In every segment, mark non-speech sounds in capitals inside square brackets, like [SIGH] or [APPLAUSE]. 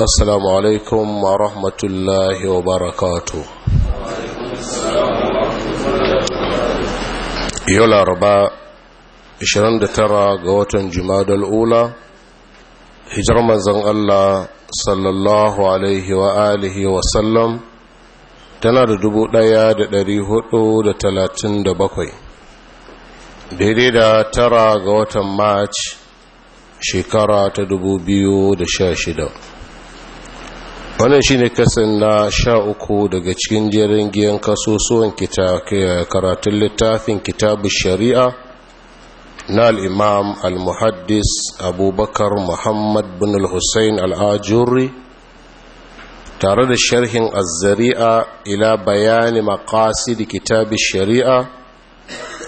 السلام عليكم ورحمة Yau وبركاته يولا ربا 29 ga watan Jumadal Ula hijar mazan Allah sallallahu alaihi wa alihi wa sallam tana da dubu ɗaya da ɗari hudu da talatin da bakwai daidai da tara ga watan march shekara ta dubu biyu da sha shida wannan shi kasan na sha uku daga cikin jirgin giyan kasusuwan karatun littafin kitabu shari'a na al'imam al-muhaddis abubakar muhammad bin al-hussein al'ajuri tare da sharhin azzari'a ila bayani makasi da kitabu shari'a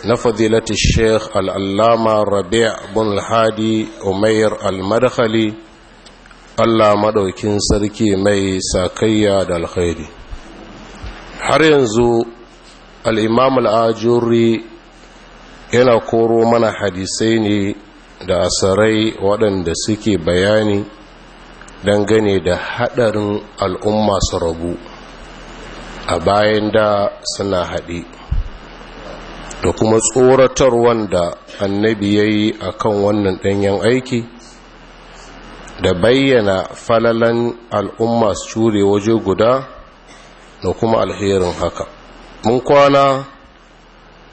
na fadilati sheikh al'allama rabia bin al-hadi umair al-madakhali Allah maɗaukin sarki mai sakayya da alkhairi har yanzu alimamul ajuri yana koro mana hadisai ne da asarai waɗanda suke bayani dangane da haɗarin al'umma su rabu a bayan da suna haɗe da kuma tsoratar wanda annabi ya yi a wannan ɗanyen aiki da bayyana falalan al'umma su cure waje guda da kuma alherin haka mun kwana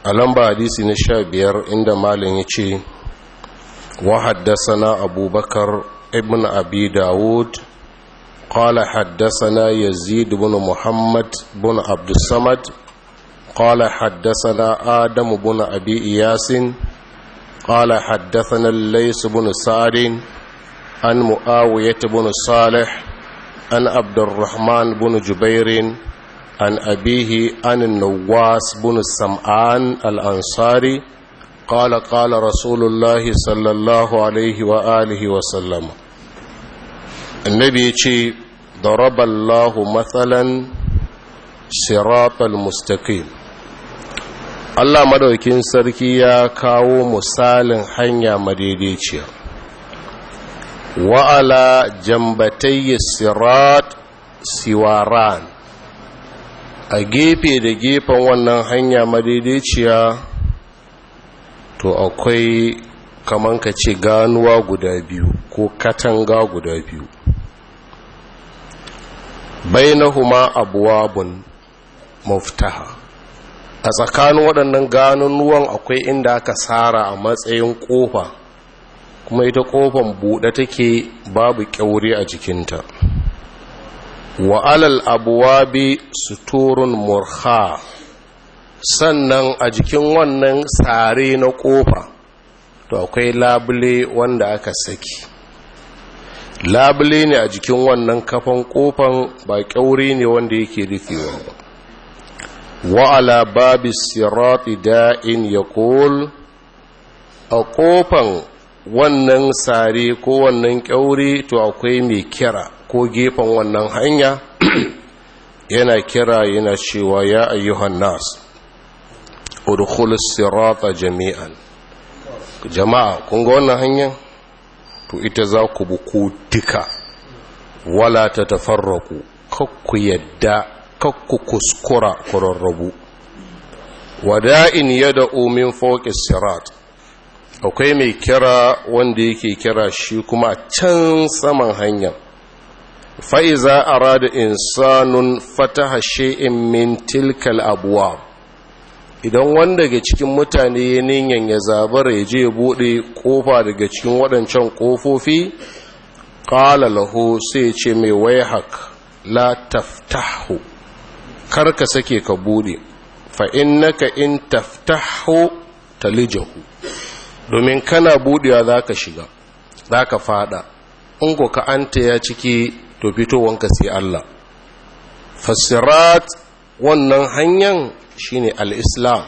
a lamba hadisi na sha biyar inda malin ya ce wa haddasana abubakar ibn abi dawud قال حدثنا يزيد Muhammad محمد بن عبد الصمد قال حدثنا آدم بن أبي إياس قال حدثنا الليس بن سارين an mu'awiyat ibn salih an abdurrahman ibn jubairin an abihi an nawas ibn sam'an al-ansari qala qala rasulullahi sallallahu alaihi wa alihi wa sallam annabi yace daraballahu matsalan siratal mustaqim Allah madaukin sarki ya kawo misalin hanya madaidaiciya wa'ala jambatai sirat siwaran a gefe da gefen wannan hanya madaidaiciya to akwai kaman ka ce ganuwa guda biyu ko katanga guda biyu bainahuma abuwabun muftaha a tsakanin waɗannan ganunuwan akwai inda aka tsara a matsayin ƙofa kuma ita kofan buɗe take babu kyauri a jikinta wa alal abuwabi suturun murha sannan a jikin wannan sare na kofa to akwai labule wanda aka saki labule ne a jikin wannan kafan kofan ba kyauri ne wanda yake rufewa wa ala babis sirati da'in ya a kofan wannan sare ko wannan kyaure to akwai mai kira ko gefen wannan hanya [CLEARS THROAT] yana kira yana cewa ya ayyuhan nas udkhul sirata jami'an jama'a kun ga wannan hanyar to ita za ku buku duka wala ta tafarraku kakku yadda kakku kuskura kurarrabu wada'in yada min fawqis sirat akwai mai kira wanda yake kira shi kuma can saman hanya fa'iza rada insanun fataha in min tilkal abuwa idan wanda daga cikin mutane ya niyan ya zabar ya je bude kofa daga cikin waɗancan kofofi ƙala laho sai ce mai waihak la taftahu kar ka sake ka bude fa’in naka in taftahu talijahu domin kana budewa za ka shiga za ka fada in ko ka anta ya ciki to fitowanka sai Allah fasirat wannan hanyar shine Al'islam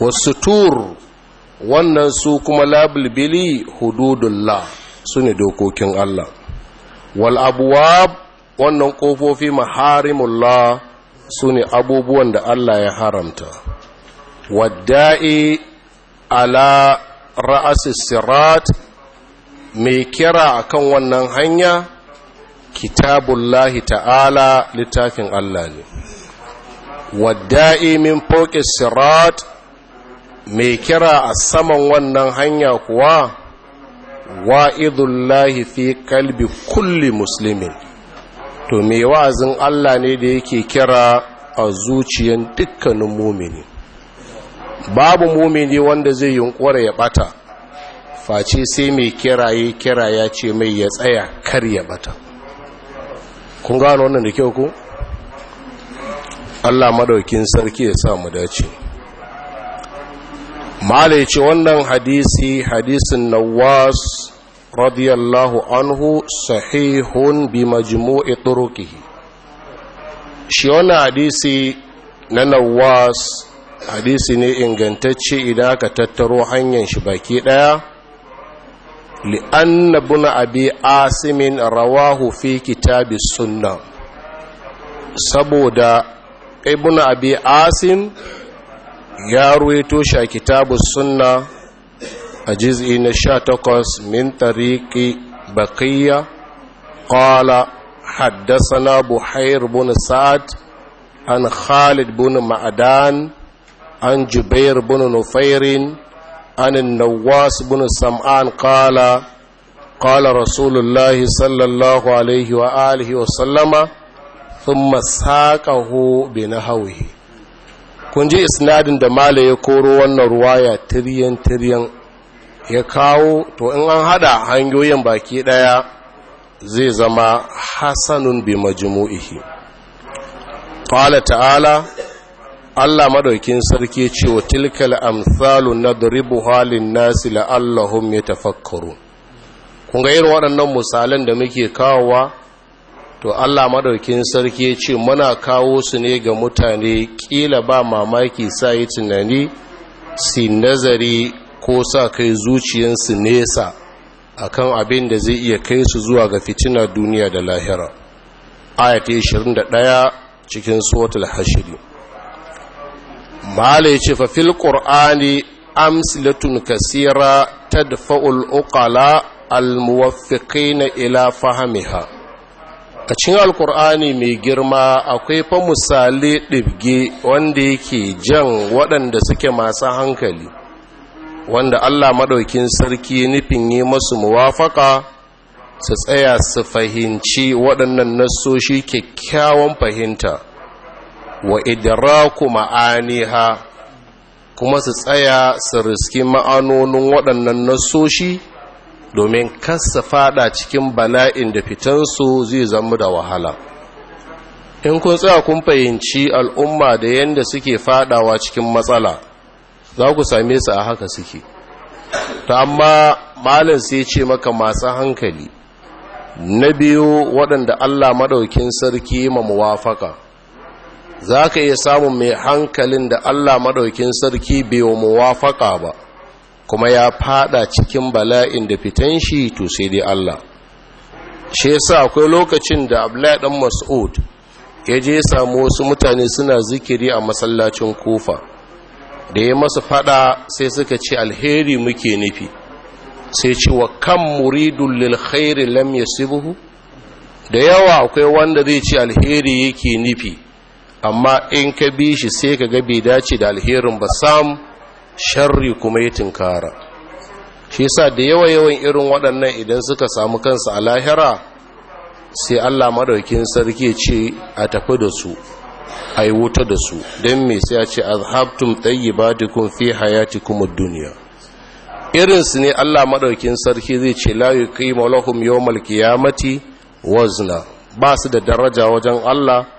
wasu tur wannan su kuma labulbili la su ne dokokin Allah wal abuwab wannan ƙofofi la su ne abubuwan da Allah ya haramta wadda'i ala ra'asi sirat mai kira akan wannan hanya kitabullahi ta'ala littafin Allah ne wadda'i min fawqi sirat mai kira a saman wannan hanya kuwa wa'idullahi fi kalbi kulli muslimin to mai wa'azin Allah ne da yake kira a zuciyan dukkanin mumini babu mumini wanda zai yunkura ya bata face sai mai kiraye ya ce mai ya tsaya kar ya bata kun gano wannan da kyau ku Allah madaukin sarki ya sa mu dace malai ce wannan hadisi hadisin nawas radiyallahu anhu sahihun bi majmu'i turuqihi shi wannan hadisi na nawas hadisi ne ingantacce idan aka tattaro hanyar shi baki daya li'anna buna abi asimin rawahu fi kitabi sunna saboda ibn abi asim ya ruwaito shi a kitabu sunna a jiz'i na sha takwas min tariki baqiya qala haddasa na buhair bin sa'ad an khalid bin ma'adan عن جبير بن نفير عن النواس بن سمعان قال قال رسول الله صلى الله عليه وآله وسلم ثم ساقه بنهوه كنت إسناد دمال يقول وأن رواية koro wannan ya kawo to in an hada hanyoyin baki daya zai zama hasanun bi majmu'ihi qala ta'ala Allah madaukin sarki ce wa tilkal amsalu nadribu halin nasi la'allahum yatafakkaru kun ga irin waɗannan misalan da muke kawowa to Allah madaukin sarki ya ce muna kawo su ne ga mutane kila ba mamaki sa yi tunani si nazari ko sa kai zuciyarsu nesa akan abin da zai iya kai su zuwa ga fitina duniya da lahira ayat 21 cikin suratul hashiri mala ya ce fil qur'ani amsilatun kasira tadfa'ul uqala almuwaffiqina ila fahmiha a cikin alkur'ani mai girma akwai fa misali ɗibge wanda yake jan waɗanda suke masu hankali wanda allah maɗaukin sarki nufin yi masu muwafaka su tsaya su fahimci waɗannan nassoshi kyakkyawan fahimta wa idraku ma'aniha kuma su tsaya su riski ma'anonin waɗannan nasoshi domin kasa fada cikin bala'in da fitansu zai zama da wahala in kun tsaya kun fahimci al'umma da yadda suke fadawa cikin matsala za ku same su a haka suke ta amma malin sai ce maka masu hankali na biyu waɗanda allah maɗaukin sarki ma muwafaka za ka iya samun mai hankalin da allah maɗaukin sarki bewa muwafaƙa ba kuma ya fada cikin bala'in da fitan shi to sai dai allah shi yasa akwai lokacin da abdullahi ɗan mas'ud ya je samu wasu mutane suna zikiri a masallacin kofa da ya masu fada sai suka ce alheri muke nufi sai ce wa kan muridun lil lamya lam yasibuhu da yawa akwai wanda zai ce alheri yake nufi amma in ka bi shi sai ka ga bai dace da alherin ba sam sharri kuma ya tinkara shi sa da yawa yawan irin waɗannan idan suka samu kansu a lahira sai Allah madaukin sarki ce a tafi da su a yi wuta da su don me sai a ce da kun fi hayati kuma duniya. Irinsu ne Allah maɗaukin sarki zai ce la yau malki ya mati wazna ba su da daraja wajen Allah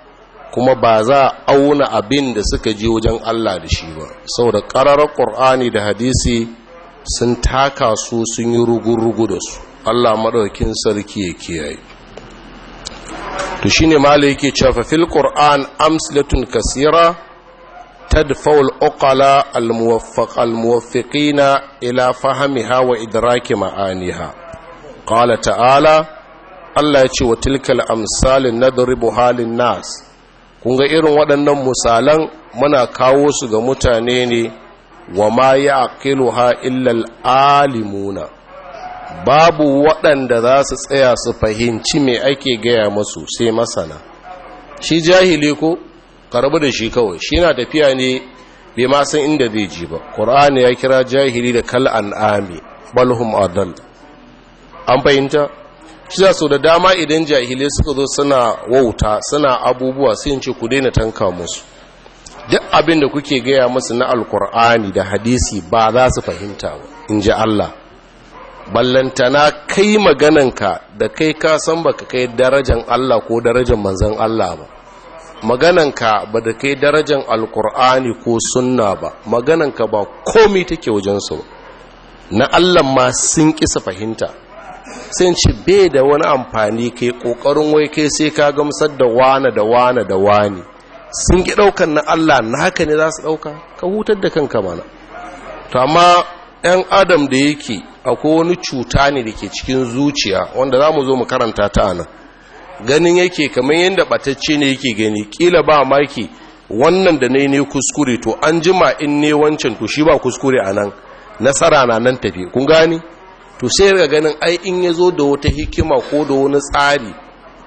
kuma ba za a auna abin da suka je wajen Allah da shi ba saboda ƙararar ƙor'ani da hadisi sun taka su sun yi rugu-rugu da su Allah maɗaukin sarki ya kiyaye to shi ne mala yake cewa fil qur'an amsalatun kasira تدفع العقلاء الموفق wa idraki ta'ala. ƙala ya ce wa الله يتشوى na الأمثال buhalin nas. Kunga irin waɗannan misalan muna kawo su ga mutane ne wa ma ya ha illal alimuna babu waɗanda za su tsaya su fahimci me ake gaya masu sai masana shi jahili ko karbu da shi kawai shi na tafiya ne bai ma san inda zai ji ba ƙur'ani ya kira jahili da kal an'ami balhum adal an fahimta shi za da dama idan jahilai suka zo suna wauta suna abubuwa sai ce ku daina tanka musu duk abin da kuke gaya musu na alkur'ani da hadisi ba za su fahimta ba in ji allah ballantana kai magananka da kai ka san baka kai darajan allah ko darajan manzan allah ba magananka ba da kai darajan alkur'ani ko sunna ba magananka ba komai take wajensu na allah ma sun kisa fahimta sai ci bai da wani amfani kai kokarin wai kai sai ka gamsar da wane da wane da wane sun ki daukan na Allah na haka ne za su dauka ka hutar da kanka mana to amma ɗan adam da yake akwai wani cuta ne da ke cikin zuciya wanda za mu zo mu karanta ta nan ganin yake kamar yadda ɓatacce ne yake gani kila ba maki wannan da nai ne kuskure to an jima in ne wancan to shi ba kuskure a nan nasara na nan tafi kun gani to sai ga ganin ai in ya zo da wata hikima ko da wani tsari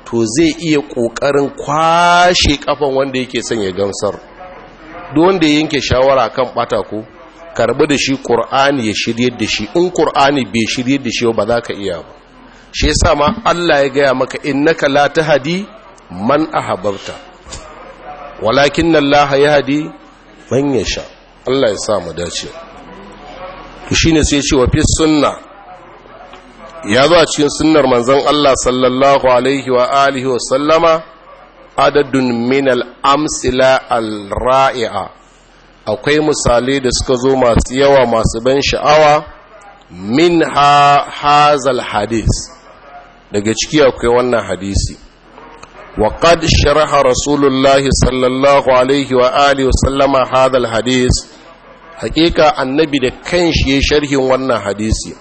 to zai iya ƙoƙarin kwashe ƙafan wanda yake son ya gamsar duk wanda yanke shawara kan bata ko karbi da shi ƙur'ani ya shirye da shi in ƙur'ani bai shirye da shi ba za ka iya ba shi yasa ma Allah ya gaya maka innaka la tahdi man habarta. walakin ya hadi man yasha Allah ya sa mu dace shi ne sai ce wa fi sunna ya zo a cikin sunnar manzon Allah sallallahu alaihi wa alihi wa sallama adadun min al-amsila al-ra'i'a akwai misalai da suka zo masu yawa masu ban sha'awa min ha hazal hadis daga ciki akwai wannan hadisi wa qad sharaha rasulullah sallallahu alaihi wa alihi wa sallama hadal hadis hakika annabi da kanshi ya sharhin wannan hadisi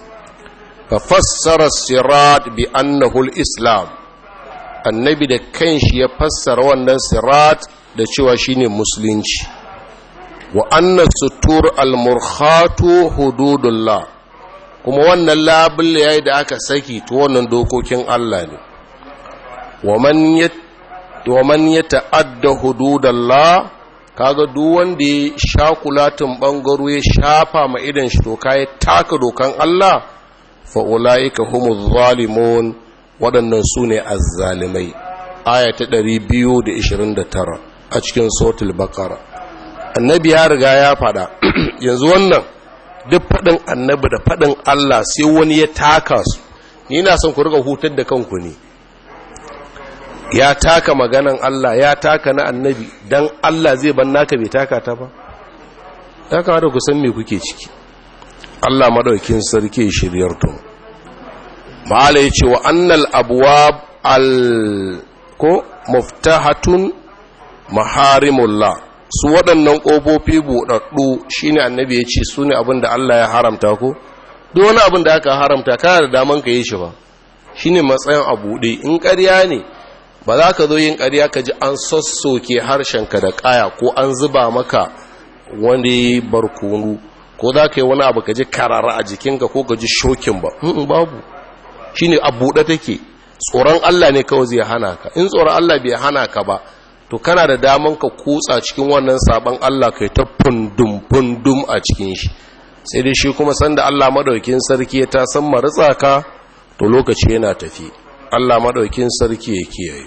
fa fassara sirat bi annahu islam annabi da kanshi ya fassara wannan sirat da cewa shine musulunci wa anna sutur al-murkhatu hududullah kuma wannan labul yayi da aka saki to wannan dokokin Allah ne wa man yat wa man ya ta'adda hududallah kaga duk wanda ya sha kulatin bangaro ya shafa ma idan shi doka ya taka dokan Allah fa'ula'ika humu zalimun waɗannan su ne azzalimai aya ta 229 a cikin sotul bakara annabi ya riga ya faɗa [CLEARS THROAT] yanzu wannan duk faɗin annabi da faɗin allah sai wani ya taka su ni na son ku riga hutar da kanku ne ya taka maganan allah ya taka na annabi don allah zai ban naka bai taka ta ba ya kamata ku san me kuke ciki Allah madaukin sarki shiryar to mala yace wa annal abwab al ko muftahatun maharimullah su waɗannan ƙofofi buɗaɗɗu shine annabi ya ce su ne abin da Allah ya haramta ko duk wani abin da aka haramta kana da daman ka yi shi ba shine matsayin a buɗe in ƙarya ne ba za ka zo yin ƙarya ka ji an sassoke harshenka da kaya ko an zuba maka wani barkonu ko za ka yi wani abu ka ji karara a jikinka ko ka ji shokin ba babu shi ne a buɗe take tsoron Allah ne kawai zai hana ka in tsoron Allah bai hana ka ba to kana da daman ka kutsa cikin wannan sabon Allah kai ta fundum fundum a cikin shi sai dai shi kuma sanda Allah madaukin sarki ya ta san maritsa ka to lokaci yana tafi Allah madaukin sarki ya kiyaye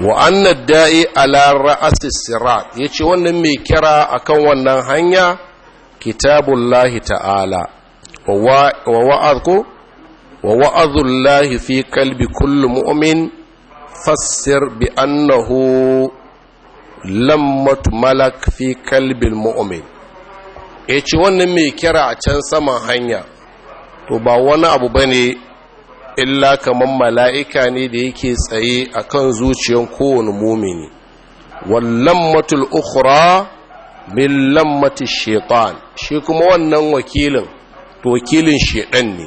wa annad da'i ala ra'asi sirat yace wannan mai kira akan wannan hanya kitabullahi ta'ala wa wa'adku wa wa'adullahi fi kalbi kullu mu'min fassir bi annahu lammat malak fi kalbin mu'min ya ce wannan mai kira a can saman hanya to ba wani abu ba ne illa kamar mala'ika ne da yake tsaye akan kan zuciyan kowane mumini wallan matul ukura min lammata shaitan shi kuma wannan wakilin to wakilin shaitan ne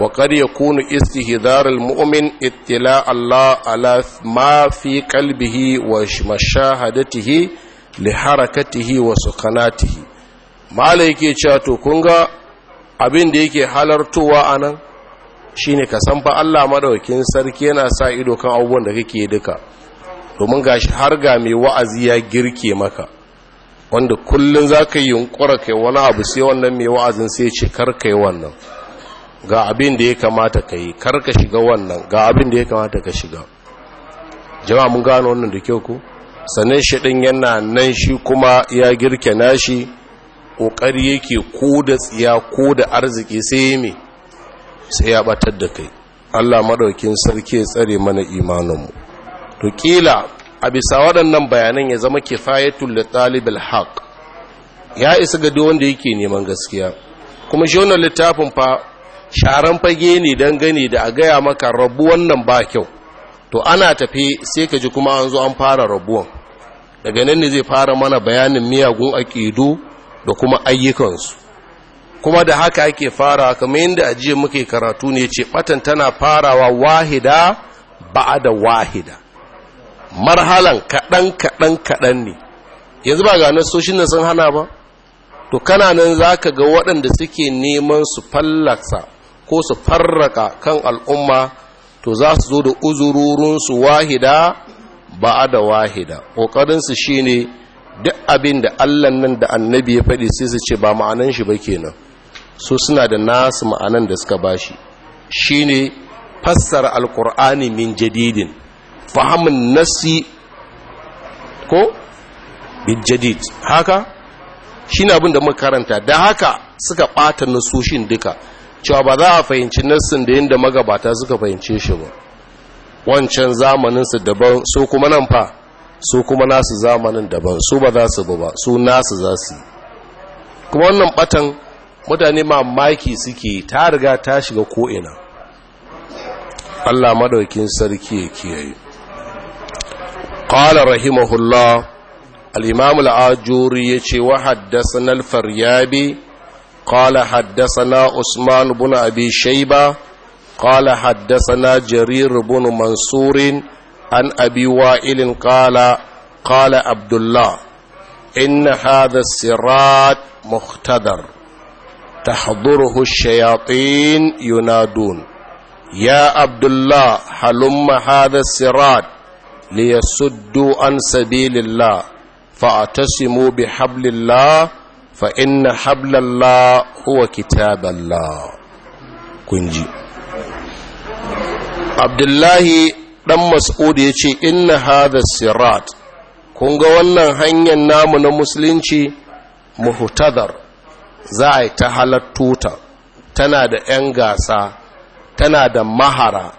wa kuna yakunu istihdar mumin, ittila Allah ala ma fi qalbihi wa mashahadatihi li harakatihi wa sukanatihi mala yake cewa to kun ga abin da yake halartowa a anan shine ka san fa Allah madaukin sarki yana sa ido kan abubuwan da kake duka domin gashi har ga mai wa'azi ya girke maka wanda kullum za ka yi yunkura kai wani abu sai wannan mai wa'azin sai ce karka yi wannan ga abin da ya kamata ka yi karka shiga wannan ga abin da ya kamata ka shiga jama mun gano wannan da kyau ku sannan shi ɗin yana nan shi kuma ya girke nashi ƙoƙari yake ko da tsiya ko da arziki sai yi mai sai ya batar da kai allah maɗaukin sarki ya tsare mana imaninmu to ƙila a bisa waɗannan bayanan ya zama kifayatul li haq ya isa ga duk wanda yake neman gaskiya kuma shi wannan littafin fa sharan fage ne dan gani da a gaya maka rabu wannan ba kyau to ana tafi sai ka ji kuma an zo an fara rabuwan daga nan ne zai fara mana bayanin miyagun aƙidu da kuma ayyukansu kuma da haka ake fara kamar yadda ajiye muke karatu ne ce batan tana farawa wahida ba da wahida marhalan kaɗan kaɗan kaɗan ne yanzu ba gane nasoshin nan sun hana ba to kana nan za ka ga waɗanda suke neman su fallasa ko su farraka kan al'umma to za su zo da uzurorinsu wahida ba da wahida ƙoƙarinsu shi ne duk abin da allan nan da annabi ya faɗi sai su ce ba ma'anan shi ba kenan su suna da nasu ma'anan da suka ba shi ne fassara alkur'ani min jadidin fahimin nasi ko bijjadid haka shi ne abinda makaranta da haka suka ɓata nasoshin duka cewa ba za a fahimci nassin da yadda magabata suka fahimce shi ba wancan zamaninsu daban so kuma nan fa so kuma nasu zamanin daban su ba za su ba su nasu za su kuma wannan batan mutane mamaki suke ta riga ta shiga ko'ina allah maɗaukin sarki ya kiyaye qala rahimahulla al-imam al-ajuri wa haddathana al-faryabi qala haddathana usman ibn abi shayba qala haddathana jarir ibn mansur an abi wa'il qala qala abdullah inna hadha as-sirat muhtadar تحضره الشياطين ينادون يا عبد الله هلم هذا الصراط liyasuddu an sabilillah fa'tasimu bihablillah fa inna hablallah huwa kitaballah kunji abdullahi dan mas'ud yace inna hadha sirat kun ga wannan hanyar namu na musulunci muhtadar za a yi ta halattota tana da 'yan gasa tana da mahara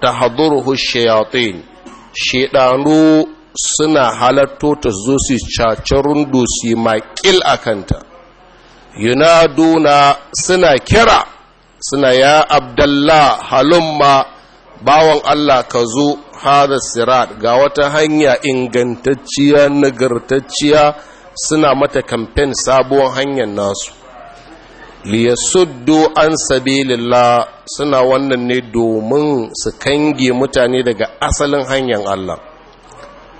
ta haduruhu shayatin shedanu suna halatto ta zo su caci rundu su maƙil a kanta yunaduna suna kira suna ya abdallah halumma bawan allah ka zo hada sirat ga wata hanya ingantacciya nagartacciya suna mata kamfen sabuwar hanyar nasu liyasuddu an sabilillah suna wannan ne domin su kange mutane daga asalin hanyar Allah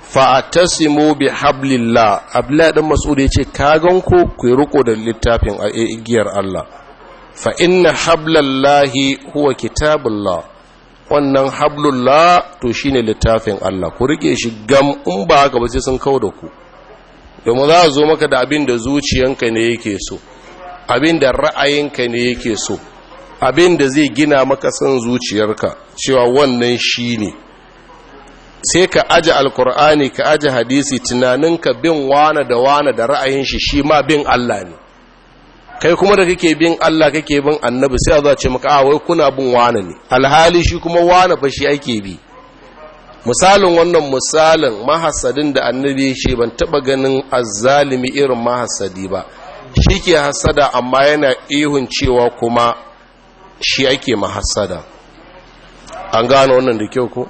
Fa atasimu bi hablillah abdullahi dan masudi yace kagan ku ku riko da littafin eh, igiyar Allah fa inna hablallahi huwa kitabullah wannan hablullah to shine littafin Allah ku rike shi gam in ba haka ba sai sun kawo da ku domin za a zo maka da abin da zuciyanka ne yake so abin da ra'ayinka ne yake so abin da zai gina maka son zuciyarka cewa wannan shi ne sai ka aji alkur'ani ka aji hadisi tunaninka bin wane da wane da ra'ayin shi shi ma bin Allah ne kai kuma da kake bin Allah kake bin annabi sai a ce maka a ah, wai kuna bin wane ne alhali shi kuma wane fashi ake bi misalin wannan misalin mahasadin da annabi ya ce ban taba ganin azzalimi irin mahasadi ba shi ke hasada amma yana ihun cewa kuma shi ake mahasada an gano wannan da kyau ko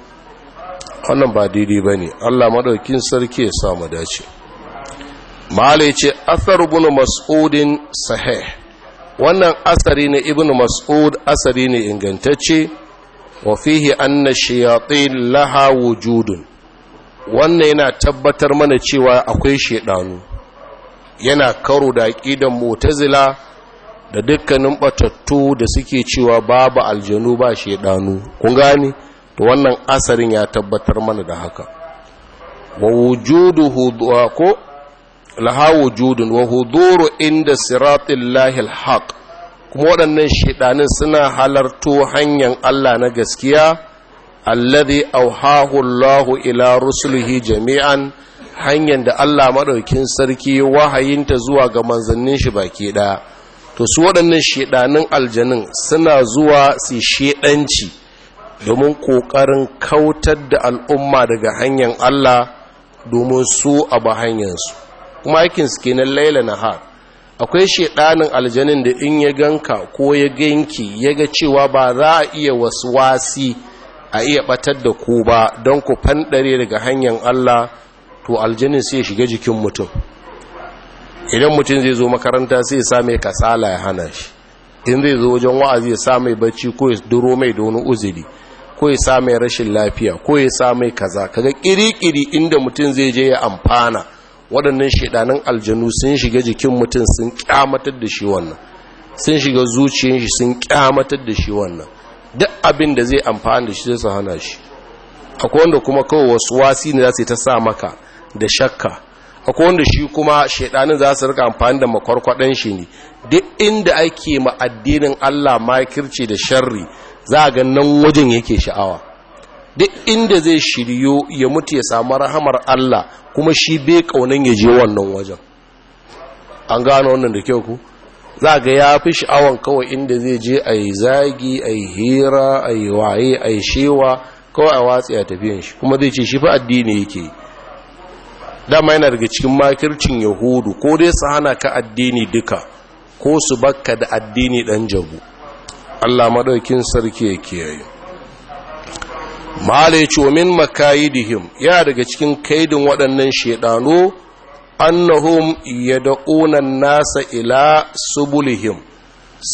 wannan ba daidai ba ne allah maɗaukin sarki ya samu dace malai ce Asar ibn mas'udin sahih wannan asari ne ibn mas'ud asari ne ingantacce wa fihi anna shayatin laha wujudun wannan yana tabbatar mana cewa akwai shaidanu. yana karo da aƙidan motazila da dukkanin batattu da suke cewa babu aljanu ba shedanu kun gane to wannan asarin ya tabbatar mana da haka wa wujuduhu ko laha wujudun wa huduru inda siratillahi alhaq kuma waɗannan shaidanin suna halarto hanyar Allah na gaskiya alladhi auhahu Allahu ila rusulihi jami'an hanyar da Allah maɗaukin sarki wahayinta zuwa ga manzannin shi baki ɗaya to su waɗannan shiɗanin aljanin suna zuwa su shiɗanci domin ƙoƙarin kautar da al'umma daga hanyar Allah domin su abu hanyarsu kuma aikin su kenan laila na har akwai shiɗanin aljanin da in ya ganka ko ya ganki ya ga cewa ba za a iya wasu wasi a iya batar da ku ba don ku fanɗare daga hanyar Allah to aljanin sai shiga jikin mutum idan mutum zai zo makaranta sai sa mai kasala ya hana shi in zai zo wajen wa'azi ya sa mai bacci ko ya duro mai da wani uzuri ko ya sa mai rashin lafiya ko ya sa mai kaza kaga kirikiri inda mutum zai je ya amfana waɗannan shedanin aljanu sun shiga jikin mutum sun kyamatar da shi wannan sun shiga zuciyar shi sun kyamatar da shi wannan duk abin da zai amfana da shi zai su hana shi akwai wanda kuma kawai wasu wasi ne za su ta sa maka da shakka akwai wanda shi kuma shaidanin za su rika amfani da makwarkwadon shi ne duk inda ake ma addinin Allah makirci da sharri za ga nan wajen yake sha'awa duk inda zai shiryo ya mutu ya samu rahamar Allah kuma shi bai kaunan ya je wannan wajen an gano wannan da kyau ku za ga ya fi sha'awan kawai inda zai je a yi zagi a yi hira a yi waye a yi shewa kawai a watsi a tafiyan shi kuma zai ce shi fa addini yake yi dama yana daga cikin makircin yahudu ko dai su hana ka addini duka ko su bakka da addini dan jabu Allah maɗaukin sarki ya kiyaye male ce makayidihim ya daga cikin kaidin waɗannan shedano annahum yad'una nasa ila subulihim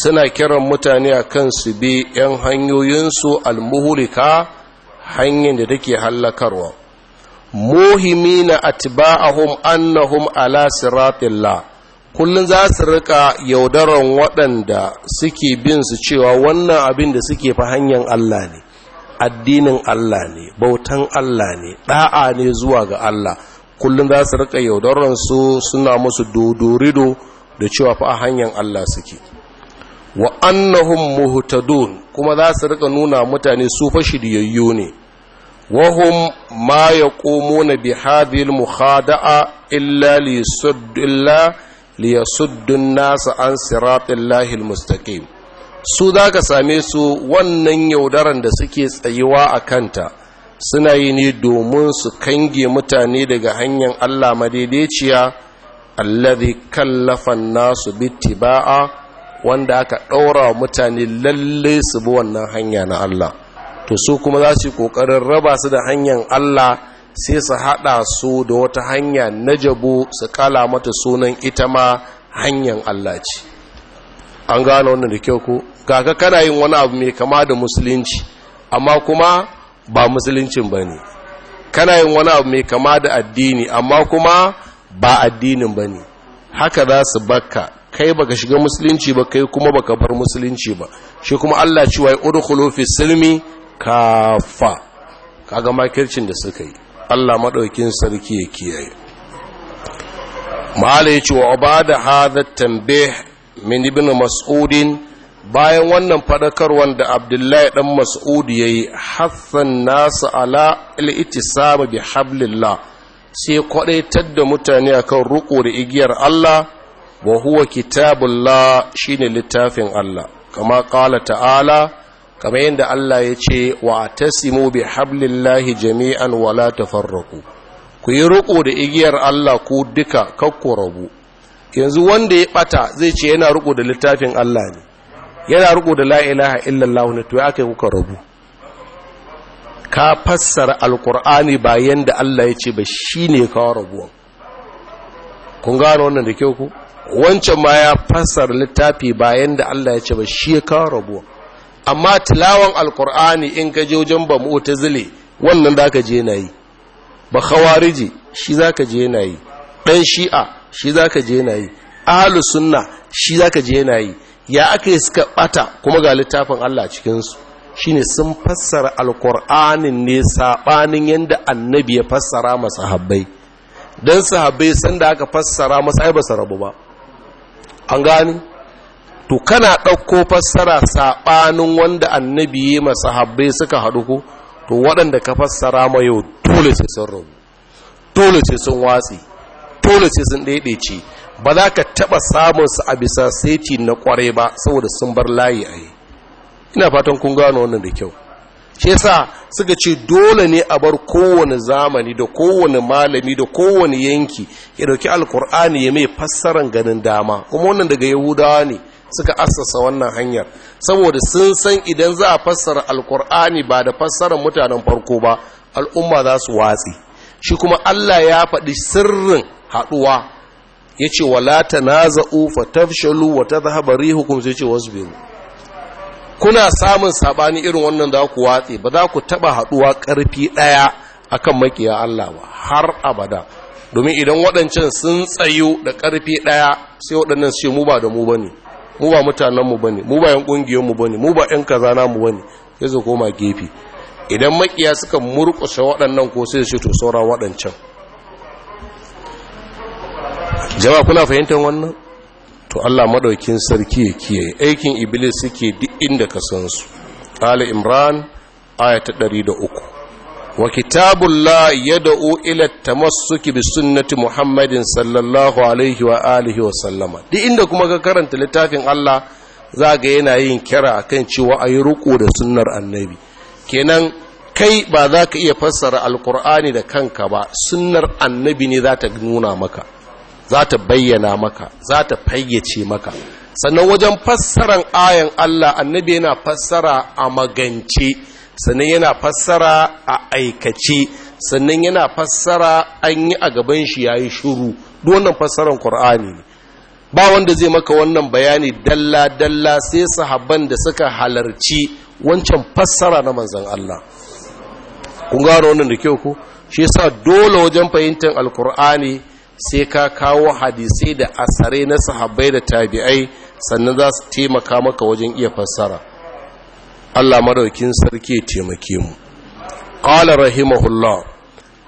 suna kiran mutane a kan su bi yan hanyoyinsu almuhulika hanyar da take hallakarwa muhimina atba'ahum annahum ala siratillah kullun za su rika yaudaran waɗanda suke bin su cewa wannan abin da suke fa hanyar Allah ne addinin Allah ne bautan Allah ne da'a ne zuwa ga Allah kullun za su rika yaudaran su suna musu dodorido da cewa fa a hanyar Allah suke wa annahum muhtadun kuma za su rika nuna mutane su fa shiryayyu ne وهم ما يقومون ƙomo na إلا ليسد illa liyasuddun nasa an siratun الله المستقيم su za ka same su wannan yaudaran da suke tsayuwa a kanta suna yi ne domin su kange mutane daga hanyar allah madaidaiciya allazi kallafan nasu bittiba'a wanda aka ɗaura mutane lalle su bi wannan hanya na allah to su kuma za su yi ƙoƙarin raba su da hanyar Allah sai su haɗa su da wata hanya na jabo su kala mata sunan ita ma hanyar Allah ce an gane wannan da kyau ko kaka kana yin wani abu mai kama da musulunci amma kuma ba musuluncin ba ne kana yin wani abu mai kama da addini amma kuma ba addinin ba ne haka za su baka, kai baka shiga musulunci ba kai kuma baka bar musulunci ba shi kuma Allah wa ya udkhulu fi silmi kafa kaga makircin da suka yi Allah maɗaukin sarki ya kiyaye mahala ya ce wa da hadar tambih min ibn mas'udin bayan wannan faɗakar wanda abdullahi dan ya yi hassan nasu ala al samu bi hablillah sai kwaɗaitar da mutane akan ruƙo da igiyar Allah wa huwa kitabullah shine littafin Allah kama ƙala ta'ala kamar yadda Allah ya ce wa simo bi hablillahi jami'an wala tafarraku ku yi riko da igiyar Allah ko duka kakku rabu yanzu wanda ya bata zai ce yana riko da littafin Allah ne yana riko da la ilaha illallah ne to kai kuka rabu ka fassara alqur'ani ba yanda Allah ya ce ba shine ka rabu kun gano wannan da kyau ku wancan ma ya fassara littafi ba yanda Allah ya ce ba shi ka rabu amma tilawan alkur'ani in ka je wajen ba zile. wannan ka je na yi ba khawariji shi za ka je na yi ɗan shi'a shi za ka je na yi ahlus sunna shi za ka je na yi ya aka yi suka ɓata kuma ga littafin Allah cikinsu. shi shine sun fassara alkur'anin ne saɓanin yadda annabi ya fassara masa don dan sahabbai sanda aka fassara masa ai ba rabu ba an gani to kana ɗauko fassara saɓanin wanda annabi ya masa habbe suka haɗu ku, to waɗanda ka fassara ma yau dole ce sun rabu dole ce sun watsi dole ce sun ɗaiɗaice ba za ka taɓa samun su a bisa seti na ƙware ba saboda sun bar layi a yi ina fatan kun gano wannan da kyau shi yasa suka ce dole ne a bar kowane zamani da kowane malami da kowane yanki ya dauki alkur'ani ya mai fassaran ganin dama kuma wannan daga yahudawa ne suka assasa wannan hanyar saboda sun san idan za a fassara alkur'ani ba da fassarar mutanen farko ba al'umma za su watsi shi kuma Allah ya faɗi sirrin haɗuwa ya ce wala ta naza'u fa tafshalu wa ta habari hukum sai ce wasu biyu kuna samun sabani irin wannan da ku watsi ba za ku taɓa haɗuwa ƙarfi ɗaya akan makiya Allah ba har abada domin idan waɗancan sun tsayo da ƙarfi ɗaya sai waɗannan su ce mu ba da mu ba ne mu ba mutanenmu ba ne mu ba yan ƙungiyarmu ba ne mu ba yan kaza ba ne ya zo koma gefe idan makiya suka murƙusa waɗannan ko sai su to saura waɗancan jama'a kuna fahimtar wannan to Allah madaukin sarki ya kiyaye aikin iblis suke duk inda ka san su qala imran ayata 103 wa kitabullah yad'u ila tamassuki bi sunnati muhammadin sallallahu alaihi wa alihi wa sallama duk inda kuma ka karanta littafin Allah za ga yana yin kira akan cewa ayi ruku da sunnar annabi kenan kai ba za ka iya fassara alkur'ani da kanka ba sunnar annabi ne za ta nuna maka za ta bayyana maka za ta fayyace maka sannan wajen fassaran ayan Allah annabi yana fassara a magance sannan yana fassara a aikace sannan yana fassara an yi a gaban shi yayi shiru duk wannan fassaran Qur'ani ne ba wanda zai maka wannan bayani dalla dalla sai sahabban da suka halarci wancan fassara na manzan Allah kun gano wannan da kyau ko shi sa dole wajen fahimtar alkur'ani sai ka kawo hadisai da asare na sahabbai da tabi'ai sannan za su taimaka maka wajen iya fassara Allah maraukin sarki taimake mu qala rahimahullah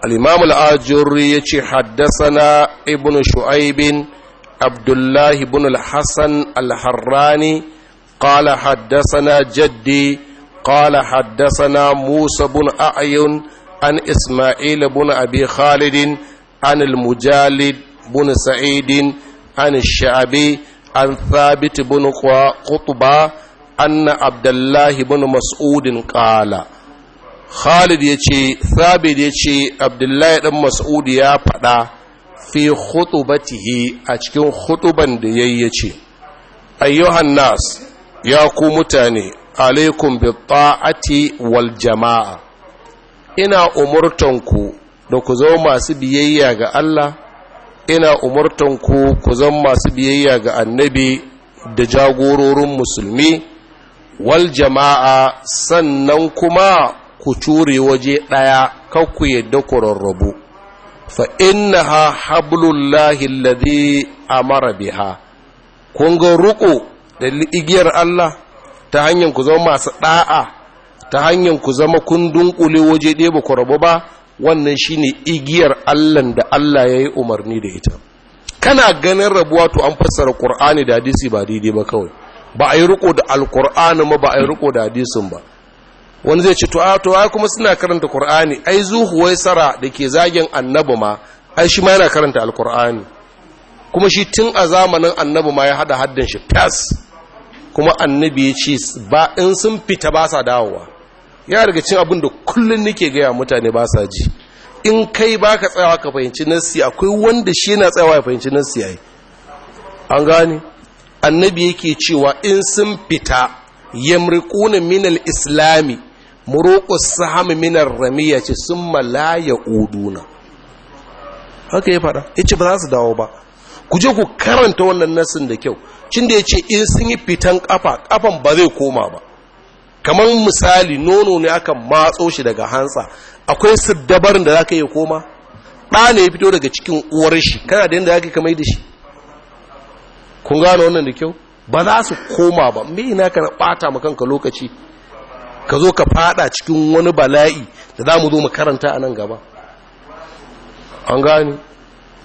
al-imam al-ajurri yace haddathana ibnu shu'aib abdullah ibn al-hasan al-harrani qala haddathana jaddi qala haddathana musa ibn a'yun an isma'il ibn abi khalid an al-mujalid ibn sa'id an al-sha'bi an thabit ibn qutba anna abdullahi bin mas'udin qala khalid yace thabit yace abdullahi dan mas'ud ya faɗa fi khutubatihi a cikin khutuban da yayi yace ayyuhan nas ya ku mutane alaikum bi ta'ati wal jama'a ina ku da ku zama masu biyayya ga Allah ina ku ku zama masu biyayya ga annabi da jagororin musulmi wal jama'a sannan kuma ku ture waje ɗaya kanku yadda ku rarrabu fa inna ha hablullahi alladhi amara biha kun ga ruku da igiyar Allah ta hanyar ku zama masu ɗa'a ta hanyar ku zama kun dunkule waje ɗaya ba ku rabu ba wannan shine igiyar Allah da Allah ya yi umarni da ita kana ganin rabuwa to an fassara Kur'ani da hadisi ba daidai ba kawai ba a yi riko da alkur'ani ma ba a yi riko da hadisin ba wani zai ce to to'a kuma suna karanta qur'ani ai zuhu wai sara da ke zagin annabi ma ai shi ma yana karanta alkur'ani kuma shi tun a zamanin annabi ma ya hada haddin shi tas kuma annabi ya ce ba in sun fita ba sa dawowa ya daga cin abin da kullum nake gaya mutane ba sa ji in kai ba ka tsayawa ka fahimci nassi akwai wanda shi yana tsayawa ya fahimci nassi yi. an gane annabi yake cewa in sun fita yamriquna minal islami muruqus saham minar ramiya ce sun malaya uduna haka ya fada ce ba za su dawo ba ku je ku karanta wannan nasin da kyau cin da ce in sun yi fitan kafa kafan ba zai koma ba kamar misali nono ne aka matso shi daga hansa akwai siddabarin da za ka yi koma ɗa ne ya fito daga cikin uwar shi kana da yadda zaka kamai da shi kun gano wannan da kyau ba za su koma ba me ina ka bata ma kanka lokaci ka zo ka fada cikin wani bala'i da za mu zo mu karanta a nan gaba an gani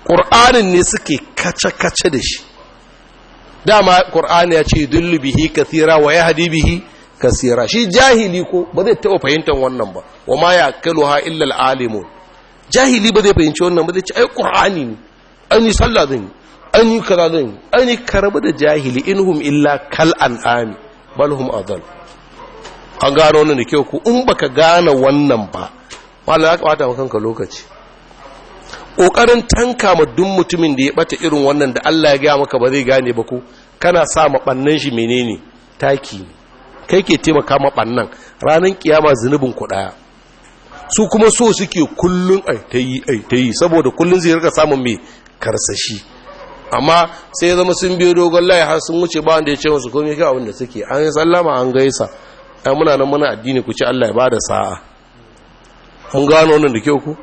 ƙur'anin ne suke kace-kace da shi dama ƙur'ani ya ce dullu bihi kathira wa ya hadi bihi kasira shi jahili ko ba zai taɓa fahimtar wannan ba wa ma ya kalu ha illa alimun jahili ba zai fahimci wannan ba zai ce ai ƙur'ani ne an yi sallah zan an yi kaza an yi da jahili inhum illa kal an'ami bal hum adal an gano wannan da kyau ku in baka gane wannan ba wala ya kamata maka kanka lokaci kokarin tanka ma duk mutumin da ya bata irin wannan da Allah ya ga maka ba zai gane ba ko kana sa mabannan shi menene taki kai ke taimaka mabannan ranar kiyama zunubin ku daya su kuma so suke kullun ai tayi ai tayi saboda kullun zai rika samun me karsashi amma sai ya zama sun biyo dogon layi har sun wuce ba wanda ya ce musu komai kai abin da suke an yi sallama an gaisa ai muna nan muna addini ku ci Allah ya bada sa'a mun gano wannan da kyau ku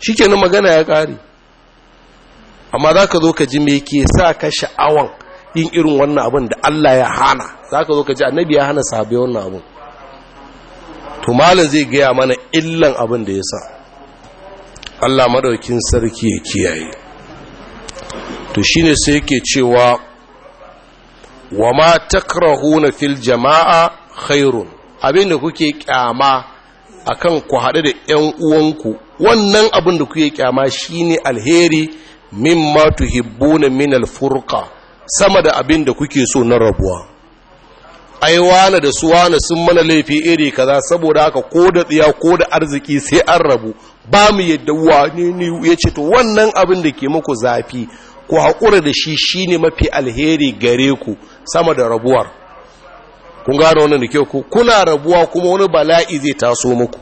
shikenan magana ya kare amma zaka zo ka ji me yake sa ka sha'awan yin irin wannan abin da Allah ya hana zaka zo ka ji annabi ya hana sahabbai wannan abin to malam zai gaya mana illan abin da ya sa Allah madaukin sarki ya kiyaye to shi ne sai yake cewa wa ma takrahuna fil jama'a khairun abin da kuke kyama akan ku haɗu da ƴan uwanku wannan abin da kuke kyama shine alheri mimma tuhibbuna min alfurqa sama da abin da kuke so na rabuwa ai wane da su wane sun mana laifi iri kaza saboda haka ko da tsiya ko da arziki sai an rabu ba mu yadda wani ne ya ce to wannan abin da ke muku zafi ku haƙura da shi shi ne mafi alheri gare ku sama da rabuwar kun gano wannan da kyau ku kuna rabuwa kuma wani bala'i zai taso muku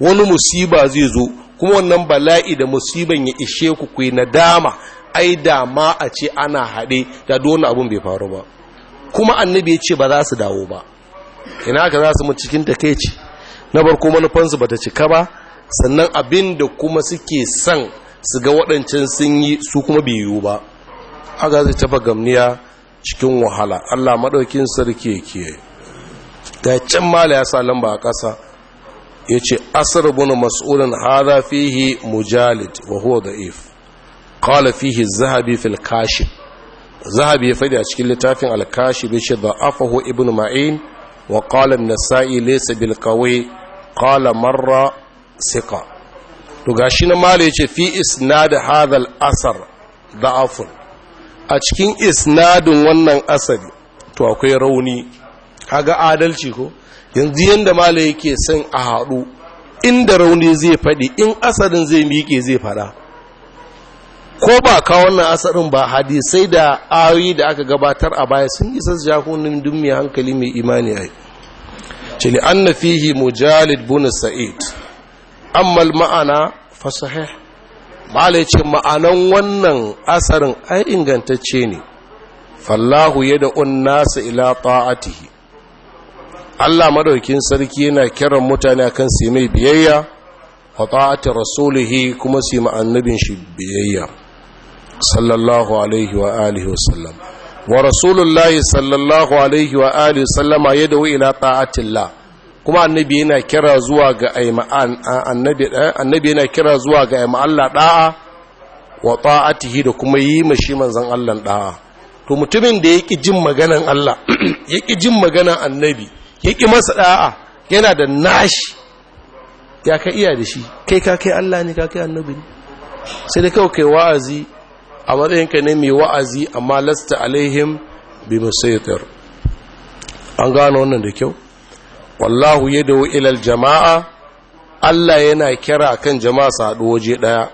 wani musiba zai zo kuma wannan bala'i da musiban ya ishe ku na dama. ai da ma a ce ana haɗe da dole abin bai faru ba kuma annabi ya ce ba za su dawo ba ina ka za su mu cikin takeici na barko manufansu ba ta cika ba sannan abin da kuma suke san su ga waɗancan sun yi su kuma bai yiwu ba haka zai taba gamniya cikin wahala allah maɗaukin sarki ya ga can mala ya sa lamba a ƙasa ya ce asar bunu mas'ulin hada fihi mujalid wa huwa if. kala fihi zahabi fil kashi zahabi ya faɗi a cikin littafin alkashi kashif shi da'afahu ibn ma'in wa kala nasai laysa bil qawi qala marra sika to ga shi na mala ce fi isnadi hadal asar da'afun a cikin isnadin wannan asari to akwai rauni kaga adalci ko yanzu yadda mala yake son a haɗu inda rauni zai faɗi in asarin zai miƙe zai faɗa ko ba ka wannan asarin ba hadisai da ayoyi da aka gabatar a baya sun isa jakunan dun hankali mai imani yi ce li na fihi mujalid bin sa'id ammal ma'ana fasahe. malai ce ma'anan wannan asarin ai ingantacce ne fallahu ya da'un nasa ila ta'atihi Allah madaukin sarki yana kiran mutane akan su mai biyayya wa ta'ati rasulihi kuma su mai annabin shi biyayya sallallahu alaihi wa alihi wa sallam wa rasulullahi sallallahu alaihi wa alihi sallama ya da'u ila ta'atillah kuma annabi yana kira zuwa ga eh, annabi yana kira zuwa ga Allah da'a wa ta'atihi da kuma yi mashi manzon Allah da'a to mutumin da yake jin maganan Allah [CLEARS THROAT] yake jin maganan annabi yake masa da'a yana da nashi ya ka iya da shi kai ka kai Allah ne ka kai annabi ne sai da kawai kai wa'azi a matsayinka ne mai wa'azi amma lasta alaihim bi musaitir an gano wannan da kyau wallahu dawo ilal jama'a Allah yana kira kan jama'a su haɗu waje ɗaya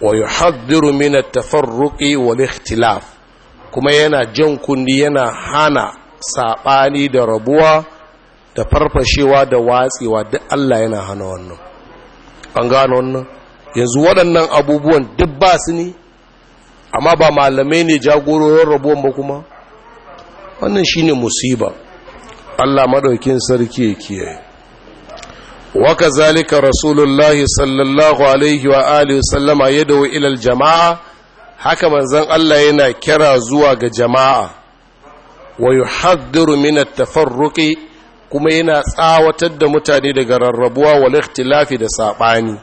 wa yuhaddiru min at-tafarruqi wa kuma yana jan kundi yana hana saɓani da rabuwa da farfashewa da watsewa duk Allah yana hana wannan an gano wannan yanzu waɗannan abubuwan duk ba su ne amma ba malamai ne jagororin rabuwan ba kuma wannan shine musiba Allah maɗaukin sarki ya kiyaye waka zalika rasulullahi sallallahu alaihi wa alihi sallama yadawu ilal jama'a haka manzan Allah yana kira zuwa ga jama'a wa yuhaddiru min at kuma yana tsawatar da mutane daga rarrabuwa wal ikhtilafi da saɓani.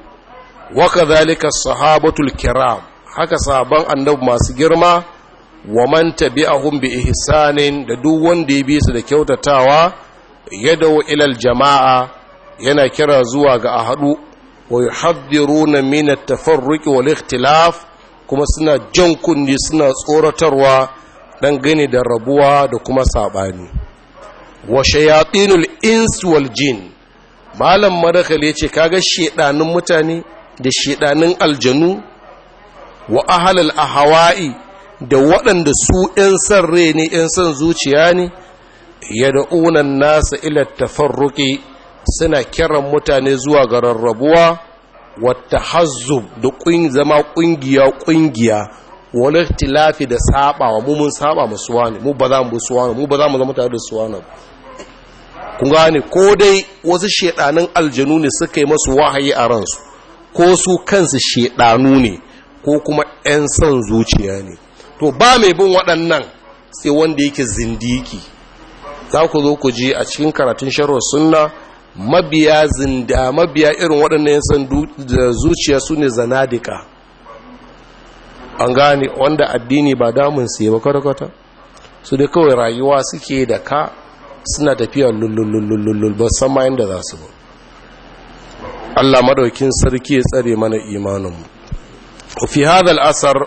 waka zalika sahabatul kiram haka saban annabi masu girma wa man tabi'ahum bi ihsanin da duk wanda ya bi su da kyautatawa yadaw ila jama'a yana kira zuwa ga a haɗu wa yuhaddiruna min at-tafarruq wal ikhtilaf kuma suna jan kunni suna tsoratarwa dan gani da rabuwa da kuma sabani wa shayatinul ins wal jin malam madakhali yace kaga shedanin mutane da shedanin aljanu wa ahlal ahwa'i da waɗanda su ‘yan san rai ne ‘yan san zuciya ne ya da'unan nasa ilar tafarruƙi suna kiran mutane zuwa ga rarrabuwa wata hazzub da zama ƙungiya-ƙungiya wani tilafi da saba wa mummun saba masu wani mu ba za mu su wani mu ba za mu zama tare da su wani kun gane ko dai wasu shedanin aljanu ne suka yi masu wahayi a ransu ko su kansu shedanu ne ko kuma 'yan son zuciya ne to ba mai bin waɗannan sai wanda yake zindiki za ku zo ku ji a cikin karatun sharo suna mabiya zinda mabiya irin waɗannan san zuciya su ne zanadika an gane wanda addini ba damun sai ba kwata-kwata su da kawai rayuwa suke da ka suna tafiya lullullullul ba san mayan da za su ba Allah madaukin sarki ya tsare mana imaninmu fi hadal asar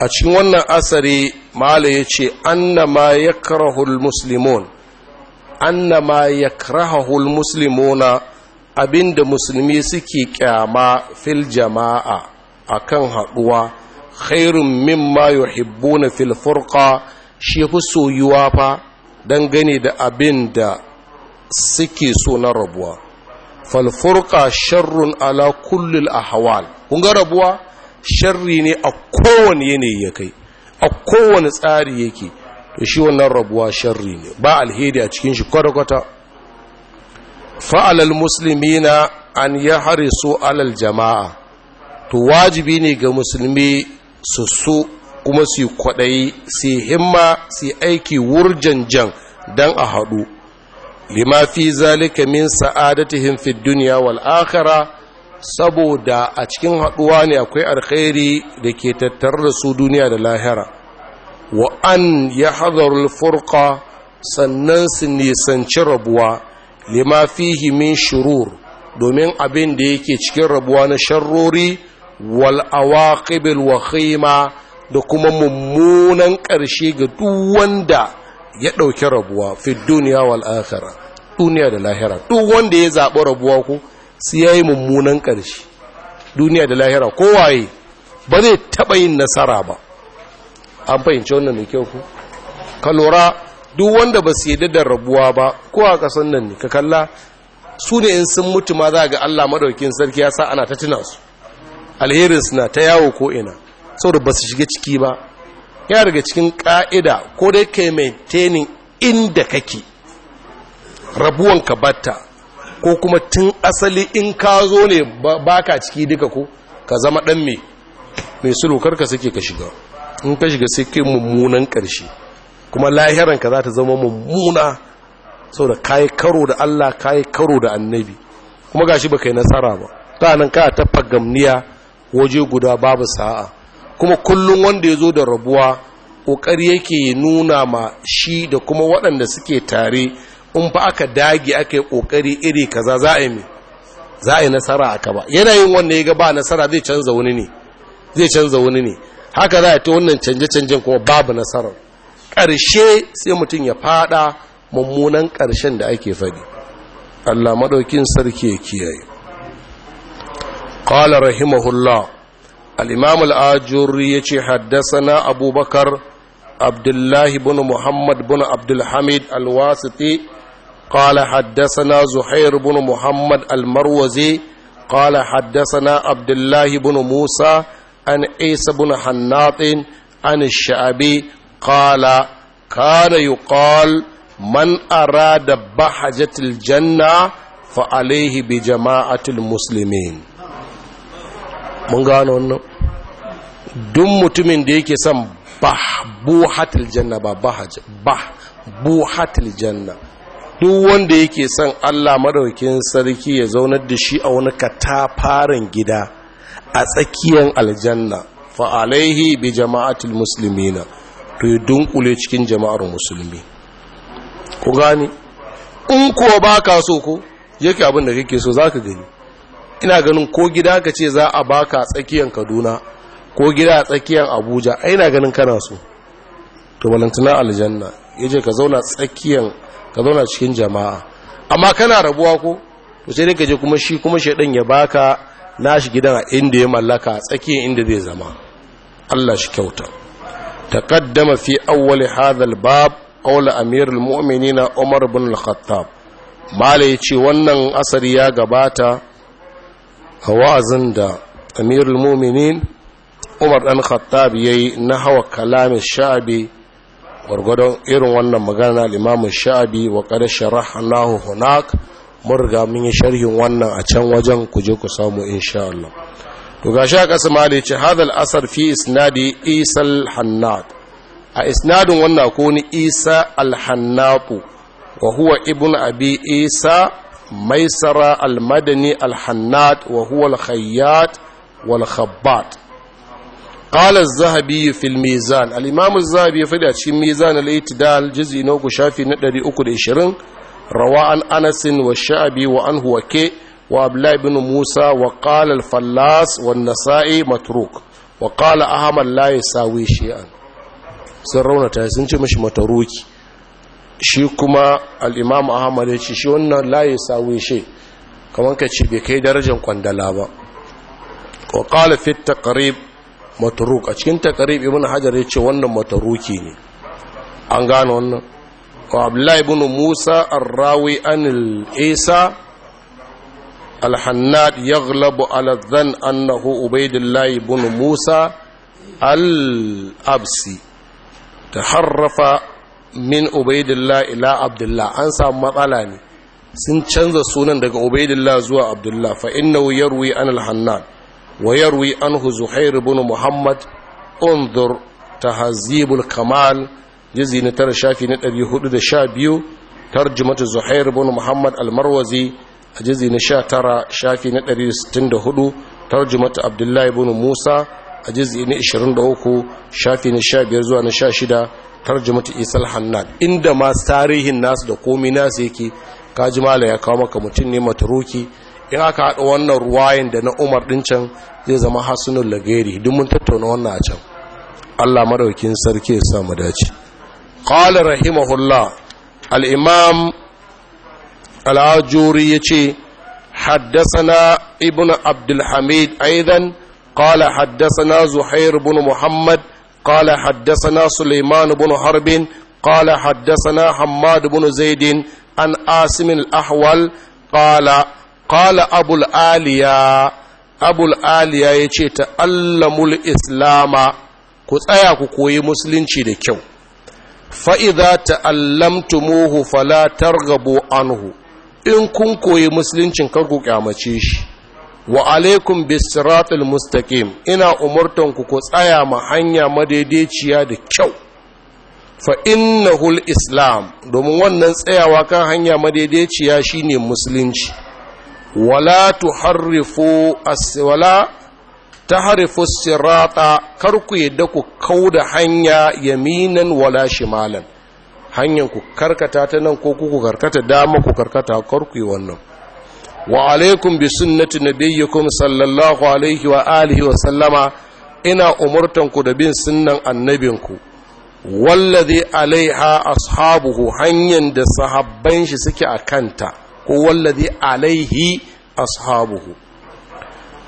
a cikin wannan asari Malam ya ce annama ya karahul muslimon annama ya karahul muslimona abinda musulmi suke kyama fil jama'a kan haɗuwa khairun mimma yuhibbuna fil furqa shi fi soyuwa fa dangane da abin da suke so na rabuwa falfurka sharrun ala kullil ahwal kun ga rabuwa sharri ne a kowane yanayi ya kai a kowane tsari yake to shi wannan rabuwa sharri ne ba alheri a cikin shi kwata-kwata fa'alal musulmi na an ya hare so alal jama'a to wajibi ne ga musulmi su so kuma su kwaɗayi su himma su aiki wurjan jan don a haɗu lima fi zalika min sa’adatihin fi duniya wal saboda a cikin haɗuwa ne akwai alkhairi da ke tattare da su duniya da lahira wa an ya hadarul furqa sannan su nisanci rabuwa lima fihi min shurur domin abin da yake cikin rabuwa na sharrori wal awaqibil wakhima da kuma mummunan ƙarshe ga duk wanda ya ɗauki rabuwa fi duniya wal akhirah duniya da lahira duk wanda ya zaɓi rabuwa ko sai yi mummunan ƙarshe duniya da lahira kowaye ba zai taɓa yin nasara ba an fahimci wannan da kyau ku ka lura duk wanda ba su yi da rabuwa ba ko a ƙasan nan ne ka kalla su ne in sun mutu ma za ga Allah maɗaukin sarki ya sa ana ta tuna su alherin suna ta yawo ko ina saboda ba su shiga ciki ba ya daga cikin ƙa'ida ko dai ka maintaining inda kake rabuwan ka batta ko kuma tun asali in ka zo ne ba ka ciki duka ko ka zama ɗan mai mai sulukar ka suke ka shiga in ka shiga sai kai mummunan ƙarshe kuma lahiranka za ta zama mummuna sau da kayi karo da Allah kayi karo da annabi kuma gashi ba kai nasara ba ta nan ka ta fagamniya waje guda babu sa'a kuma kullum wanda ya zo da rabuwa ƙoƙari yake nuna ma shi da kuma waɗanda suke tare in fa aka dage aka yi kokari iri kaza za a yi za a yi nasara aka ba yanayin wanda ya ga ba nasara zai canza wani ne zai canza wani ne haka za a ta wannan canje-canjen kuma babu nasarar ƙarshe sai mutum ya fada mummunan ƙarshen da ake fadi Allah maɗaukin sarki ya kiyaye qala rahimahullah al-imam al-ajuri yace haddathana abubakar abdullahi bin muhammad bin abdulhamid al-wasiti قال حدثنا زهير بن محمد المروزي قال حدثنا عبد الله بن موسى عن عيسى بن حناط عن الشعبي قال كان يقال من أراد بحجة الجنة فعليه بجماعة المسلمين mun gano wannan duk mutumin da yake son bah buhatul janna ba bah buhatul janna duk wanda yake son Allah madaukin sarki ya zaunar da shi a wani katafaren gida a tsakiyar aljanna fa alaihi bi jama'atul muslimina to ya dunkule cikin jama'ar musulmi ku gani in ba baka so ko yake abin da kake so zaka gani ina ganin ko gida ka ce za a baka tsakiyar Kaduna ko gida a tsakiyar Abuja ai ina ganin kana so to balantana aljanna yaje ka zauna tsakiyar ka zauna cikin jama'a amma kana rabuwa ko to sai dai ka je kuma shi kuma shedan ya baka nashi gidan a inda ya mallaka tsakiyar inda zai zama Allah shi kyauta taqaddama fi awwal hadha albab qawla amir almu'minin Umar ibn al-Khattab mala yace wannan asari ya gabata a wa'azin da amir almu'minin Umar dan Khattab yayi na hawa kalamin sha'abi gwargwadon irin wannan magana limamin sha'abi wa kada sharahnahu hunak mun riga mun yi sharhin wannan a can wajen ku je ku samu insha Allah to gashi a kasa mali ce hadal asar fi isnadi isa al a isnadin wannan ko ni isa al-hannatu wa huwa ibn abi isa maisara almadani al-hannad wa huwa wal-khabbat qala zahabi fil mizan al-imam zahabi ya fada cikin mizan al-itidal na uku shafi na 320 rawa an anas wa sha'bi wa anhu wa ke wa abdullah ibn musa wa qala al-fallas wa an-nasa'i matruk wa ahmad la yasawi shay'an sun raunata sun ce mishi mataruki shi kuma al ahmad ya ce shi wannan la yasawi shay kamar ka ce bai kai darajar kwandala ba wa qala fi at matruk a cikin takarib ibn hajar ya ce wannan maturuki ne an gano wannan wa abdullahi ibn musa arrawi an isa al yaghlabu ala annahu ubaidullahi ibn musa al-absi taharrafa min ubaidullahi ila abdullah an samu matsala ne sun canza sunan daga ubaidullahi zuwa abdullah fa innahu yarwi an al ويروي عنه زهير بن محمد انظر تهذيب الكمال جزي نتر شافي نتر يهود شابيو ترجمة زهير بن محمد المروزي جزي نشا ترى شافي نتر ستند هدو ترجمة عبد الله بن موسى جزي نشرن دوكو شافي نشا بيرزو نشا شدا ترجمة إيسا الحنان عندما ساريه الناس دقومي ناس يكي kajimala ya kawo maka mutum ne maturuki in aka haɗa wannan ruwayin da na umar ɗin can zai zama hasunan Lageri, duk mun tattauna wannan a can allah maraukin sarki ya samu dace ƙwalar rahimahullah al’imam al’ajuri ya ce haddasana ibn abdulhamid aidan ƙwala haddasana zuhair bin muhammad ƙwala haddasana suleiman Bun harbin ƙwala haddasana hamad Bun zaidin an asimil ahwal ƙwala qala abul aliya abul aliya ya ce ta'allamul islama ku tsaya ku koyi musulunci da kyau fa'iza ta'allamtumuhu fala bo anhu in kun koyi musuluncin karku ƙyamace shi wa alaikum siratil mustaqim ina umurtan ku ku tsaya ma hanya madaidaiciya da kyau fa innahul islam domin wannan tsayawa kan hanya madaidaiciya shine musulunci wala tuharrifu as-wala tahrifu as-sirata kar ku yadda ku kauda hanya yaminan wala shimalan hanyar ku karkata ta nan ko ku karkata dama ku karkata kar ku yi wannan wa alaikum bi sunnati nabiyyikum sallallahu alaihi wa alihi wa sallama ina umurtan ku da bin sunnan annabinku wallazi alaiha ashabuhu hanyar da sahabban shi suke akanta. kanta ko wallazi alaihi ashabuhu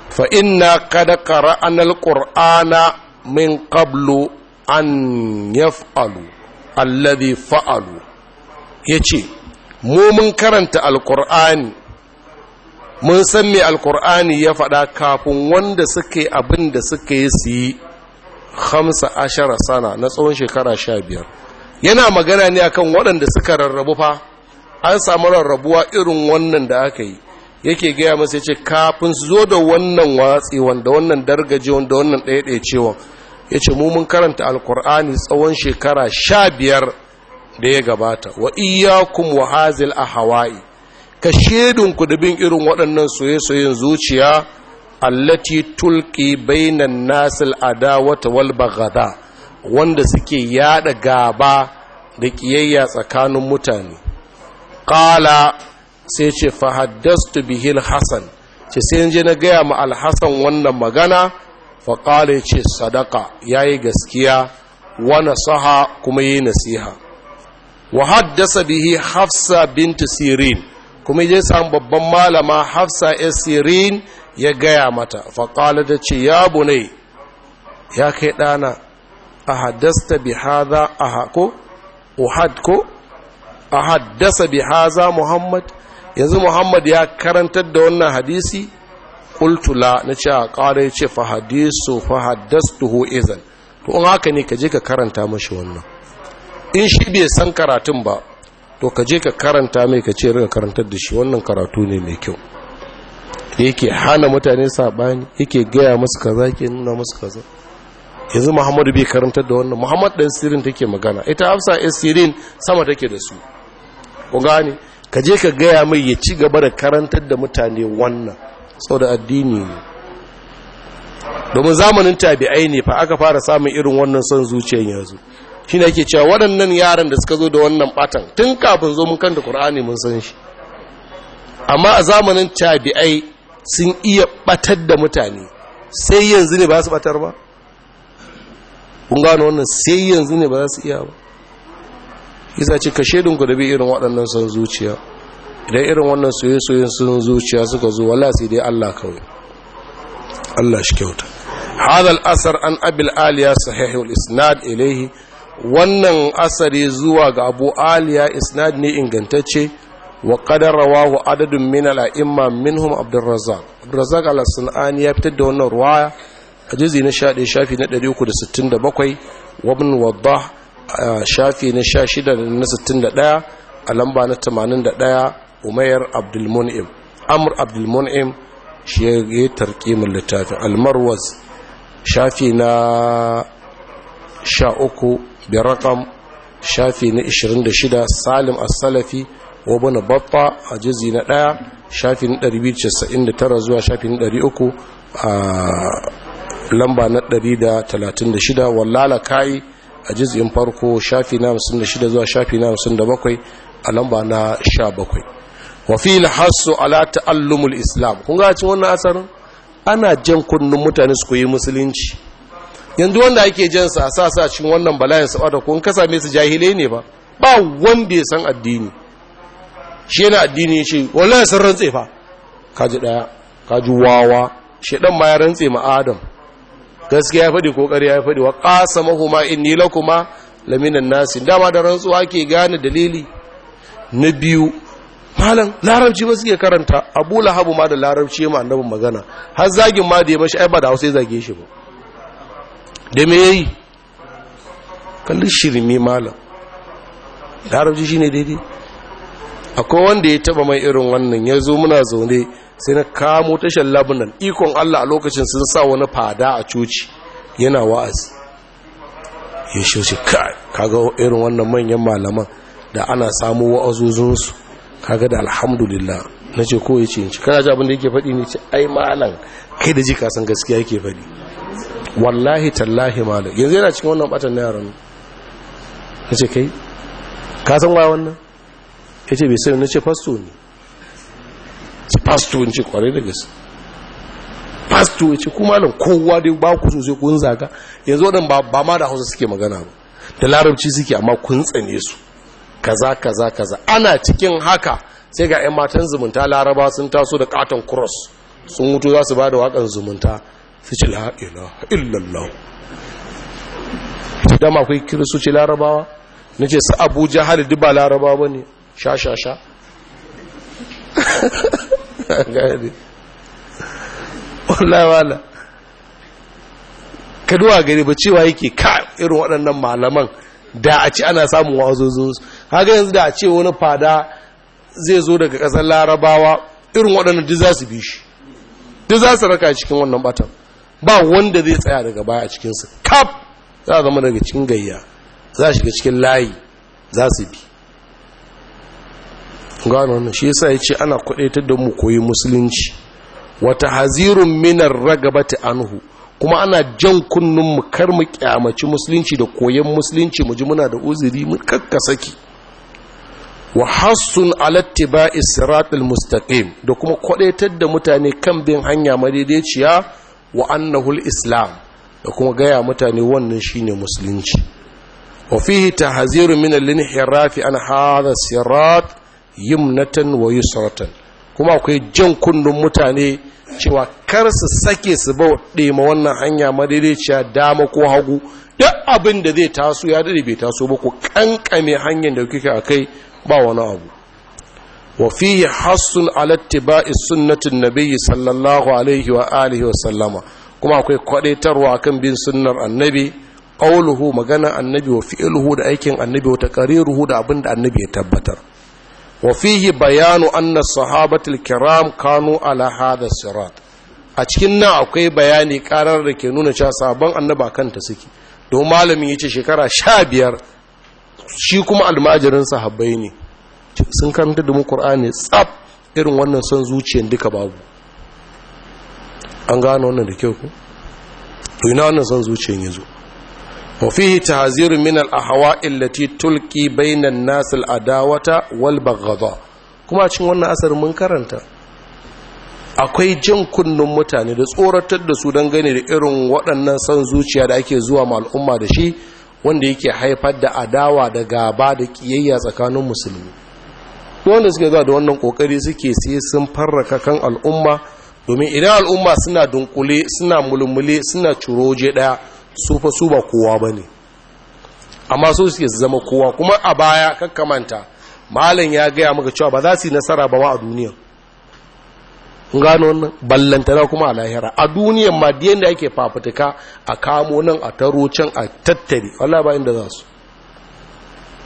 fa inna qad qara'na alqur'ana min qablu an yaf'alu alladhi fa'alu yace mu mun karanta mun san me alkur'ani ya faɗa kafin wanda suke abin da suke su yi hamsa ashara sana na tsawon shekara sha biyar yana magana ne akan waɗanda suka rarrabu fa an samu rarrabuwa irin wannan da aka yi yake gaya masa ya ce kafin su zo da wannan watsi, wanda wannan dargajewan wanda wannan ɗaya-ɗaya cewa ya ce mu mun karanta alkur'ani tsawon shekara sha biyar da ya gabata wa iyakum wa hazil a hawaii ka shedinku da bin irin waɗannan soye-soyen zuciya allati tulki bainan nasil adawata wal bagada wanda suke yada gaba da kiyayya tsakanin mutane qala sai ce fa bi bihil Hassan. ce sai je na gaya ma alhasan wannan magana fa qala ce sadaka yayi gaskiya wa saha kuma yi nasiha wa haddasa bihi hafsa bintu sirin kuma je samu babban malama hafsa ya sirin ya gaya mata faƙala ta ce ya bunai ya kai ɗana a haddasta bi haza a haƙo uhad ko a haddasa bi haza muhammad yanzu muhammad ya karantar da wannan hadisi kultula na ce a ƙara ce fa hadisu fa haddastuhu izan to in haka ne ka je ka karanta mashi wannan in shi bai san karatun ba to ka je ka karanta mai ka ce rika karantar da shi wannan karatu ne mai kyau da yake hana mutane saɓani yake gaya musu kaza yake nuna musu kaza yanzu muhammadu bai karantar da wannan muhammad ɗan sirin take magana ita hafsa sirin sama take da su ku gane ka je ka gaya mai ya ci gaba da karantar da mutane wannan sau da addini ne domin zamanin tabi'ai ne fa aka fara samun irin wannan son zuciyan yanzu shi ne ake cewa waɗannan yaran da suka zo da wannan ɓatan tun kafin zo mun kan da ƙur'ani mun san shi amma a zamanin tabi'ai sun iya ɓatar da mutane sai yanzu ne ba su ɓatar ba kun gano wannan sai yanzu ne ba za su iya ba isa ce ka ku da bi irin waɗannan sun zuciya idan irin wannan soye-soyen sun zuciya suka zo wala sai dai Allah kawai Allah shi kyauta hadal asar an abil aliya sahihul isnad ilaihi wannan asari zuwa ga abu aliya isnad ne ingantacce wa qadar rawahu adadun min al-a'imma minhum abdurrazzaq abdurrazzaq al-sunani ya fitar da wannan ruwaya a juzi na 11 shafi na 367 wa ibn wadah shafi na sha shida da na sittin da ɗaya a lamba na tamanin da ɗaya umayar abdulmun'im amur abdulmun'im shi ya yi tarkimin littafin almarwaz shafi na sha uku da rakam shafi na ishirin da shida salim as-salafi wa babba a jizi na ɗaya shafi na ɗari biyu casa'in da tara zuwa shafi na ɗari uku a lamba na ɗari da talatin da shida wallala kayi a jizgin farko shafi na da shida zuwa shafi na da bakwai a lamba na sha 17 wafi hasso ala ta'allumul islam kun ga cin wannan asarin ana jan kunnen mutane su koyi musulunci yanzu wanda ake jan a sa sa cikin wannan bala'in sabata kun kasa mai su jahilai ne ba ba wanda ya san addini shi yana addini ya ce wallahi sun rantse fa kaji daya kaji wawa shedan ma ya rantse ma adam gaskiya ya faɗi ko ya faɗi wa ƙasa in inni kuma laminan nasi dama da rantsuwa ke gane dalili na biyu malam larabci ba suke karanta abu lahabu ma da larabci ma annabin magana har zagin ma da ya mashi aiba da hausa ya zage shi ba da me yayi kalli malam larabci shine daidai akwai wanda ya taba mai irin wannan ya zo muna zaune sai na kamo tashar labanan ikon allah a lokacin sun sa wani fada a coci yana wa'azi ya shirce kaga irin wannan manyan malaman da ana samu wa'azozinsu kaga da alhamdulillah na ce ko ya ce yanci kana jabin abin da yake faɗi ne ce ai malam kai da ji kasan gaskiya yake faɗi wallahi tallahi malam yanzu yana cikin wannan batan na yaran na ce kai kasan wa wannan ya ce bai sai na ce fasto ne ce pasto in ce da gaske pasto ya ce kuma nan kowa dai ba ku sosai kun zaga yanzu wadan ba ma da hausa suke magana ba da larabci suke amma kun tsane su kaza kaza kaza ana cikin haka sai ga 'yan matan zumunta laraba sun taso da katon cross sun mutu za su ba da waƙan zumunta su ci la'ila illallah ta dama akwai ci larabawa na ce su abuja halittu duba larabawa ne sha sha sha [LAUGHS] gane wallahi wala kaduwa gari ba cewa yake ka irin waɗannan malaman da a ci ana samun wazozo haka yanzu da a ce wani fada zai zo daga ƙasar larabawa irin waɗannan duk za su bi shi duk za su raka cikin wannan batan ba wanda zai tsaya daga baya a cikinsu kaf za a zama daga cikin gayya za a shiga cikin layi za su bi gano wannan shi yasa ya ce ana kwadaitar da mu koyi musulunci wata hazirun minar ragabati anhu kuma ana jan kunnun mu kar mu kyamaci musulunci da koyon musulunci mu ji muna da uzuri mu kakka saki wa hassun alattiba isra'il mustaqim da kuma kwadaitar da mutane kan bin hanya madaidaiciya wa annahul islam da kuma gaya mutane wannan shine musulunci wa fihi tahziru min al-inhirafi an hadha sirat yimnatan wa yusratan kuma akwai jan kunnun mutane cewa kar su sake su bau ma wannan hanya madaidaiciya dama ko hagu duk abin da zai taso ya dade bai taso ba ku kankame hanyar da kuke akai ba wani abu wa fihi hassun ala tibai sunnatin nabiyyi sallallahu alaihi wa alihi wa sallama kuma akwai kwadaitarwa kan bin sunnar annabi qauluhu magana annabi wa fi'luhu da aikin annabi wa taqariruhu da abin da annabi ya tabbatar wa fihi bayanu anna sahabatul kiram kanu ala hada sirat a cikin nan akwai bayani karar da ke nuna cewa sabon annaba kanta suke Do malamin ya ce shekara sha biyar shi kuma almajirin sahabbai ne sun karanta da mu tsaf irin wannan son zuciyar duka babu an gano wannan da kyau ku to ina wannan son zuciyar yazo وفيه تهذير من الأهواء التي تلقي بين الناس الأداوة والبغضاء كما أتشن وانا asar mun karanta. akwai jin kunnen mutane da tsoratar da su gani da irin waɗannan san zuciya da ake zuwa ma al'umma da shi wanda yake haifar da adawa da gaba da ƙiyayya tsakanin musulmi wanda suke zuwa da wannan kokari suke sai sun farraka kan al'umma domin idan al'umma suna dunkule suna mulmule suna curoje daya su fa su ba kowa ba ne amma so suke zama kowa kuma a baya kakamanta malam ya gaya maka cewa ba za su yi nasara ba wa a duniya gano wannan ballantana kuma a lahira a duniyan ma diyan da ake fafutuka a kamo nan a taro can a tattari. wala ba inda za su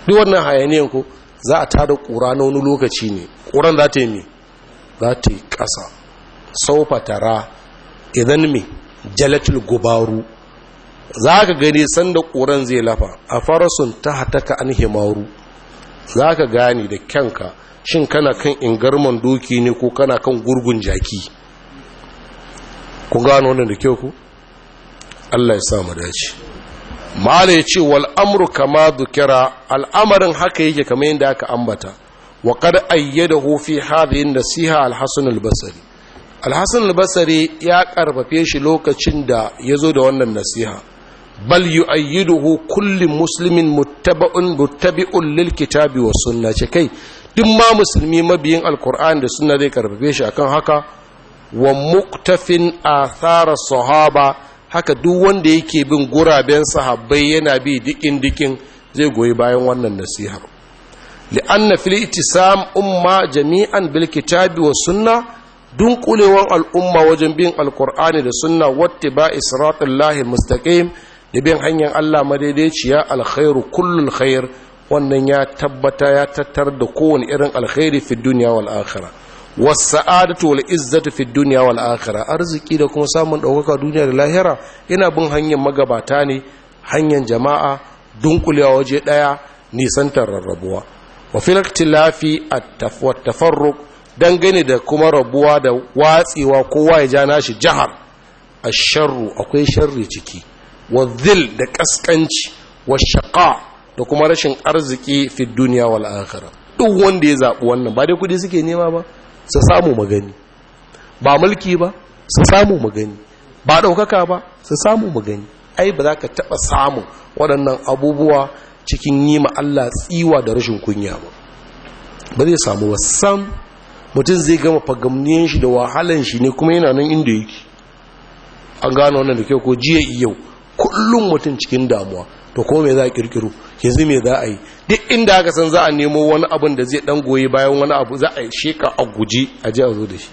duk wannan hayaniyan ko za a tada ƙura na wani lokaci ne ƙuran za ta yi me za ta yi ƙasa tara idan me jalatul gubaru za ka gani sanda ƙoran zai lafa a farasun ta hataka an himaru za ka gani da kyanka shin kana kan ingarman doki ne ko kana kan gurgun jaki ku gano wannan da kyau ku allah ya sa mu dace mala ya ce wal amru kama dukira al'amarin haka yake kamar yadda aka ambata wa kada ayyadahu fi hadhihi nasiha al-hasan al-basri al-hasan al-basri ya karfafe shi lokacin da ya zo da wannan nasiha bal yu'ayyiduhu kulli muslimin muttaba'un muttabi'un lil kitabi was sunna ce kai duk ma musulmi mabiyin alqur'ani da sunna zai karfafe shi akan haka wa muktafin athara sahaba haka duk wanda yake bin guraben sahabbai yana bi dikin dikin zai goyi bayan wannan nasiha li'anna fil ittisam umma jami'an bil kitabi sunna dunkulewar al'umma wajen bin alqur'ani da sunna wattiba siratullahi mustaqim da bin hanyar Allah madaidaiciya alkhairu kullul khair wannan ya tabbata ya tattar da kowane irin alkhairi fi duniya wal akhirah Sa'adatu wal izzatu fi dunya wal akhirah arziki da kuma samun ɗaukaka duniya da lahira ina bin hanyar magabata ne hanyar jama'a dunkulewa waje ɗaya nisantar rarrabuwa wa fil ikhtilafi at dangane da kuma rabuwa da watsewa kowa ya ja nashi jahar asharru akwai sharri ciki wa zil da kaskanci wa shaƙa da kuma rashin arziki fi duniya wa akhirah duk wanda ya zaɓi wannan ba dai kudi suke nema ba su samu magani ba mulki ba su samu magani ba ɗaukaka ba su samu magani ai ba za ka taɓa samun waɗannan abubuwa cikin yi ma Allah tsiwa da rashin kunya ba ba zai samu ba mutum zai gama fagamniyan shi da wahalan shi ne kuma yana nan inda yake an gano wannan da kyau ko jiya yau kullum mutum cikin damuwa to ko me za a kirkiro yanzu me za a yi duk inda aka san za a nemo wani abin da zai dan goyi bayan wani abu za a yi sheka a guji a ji a zo da shi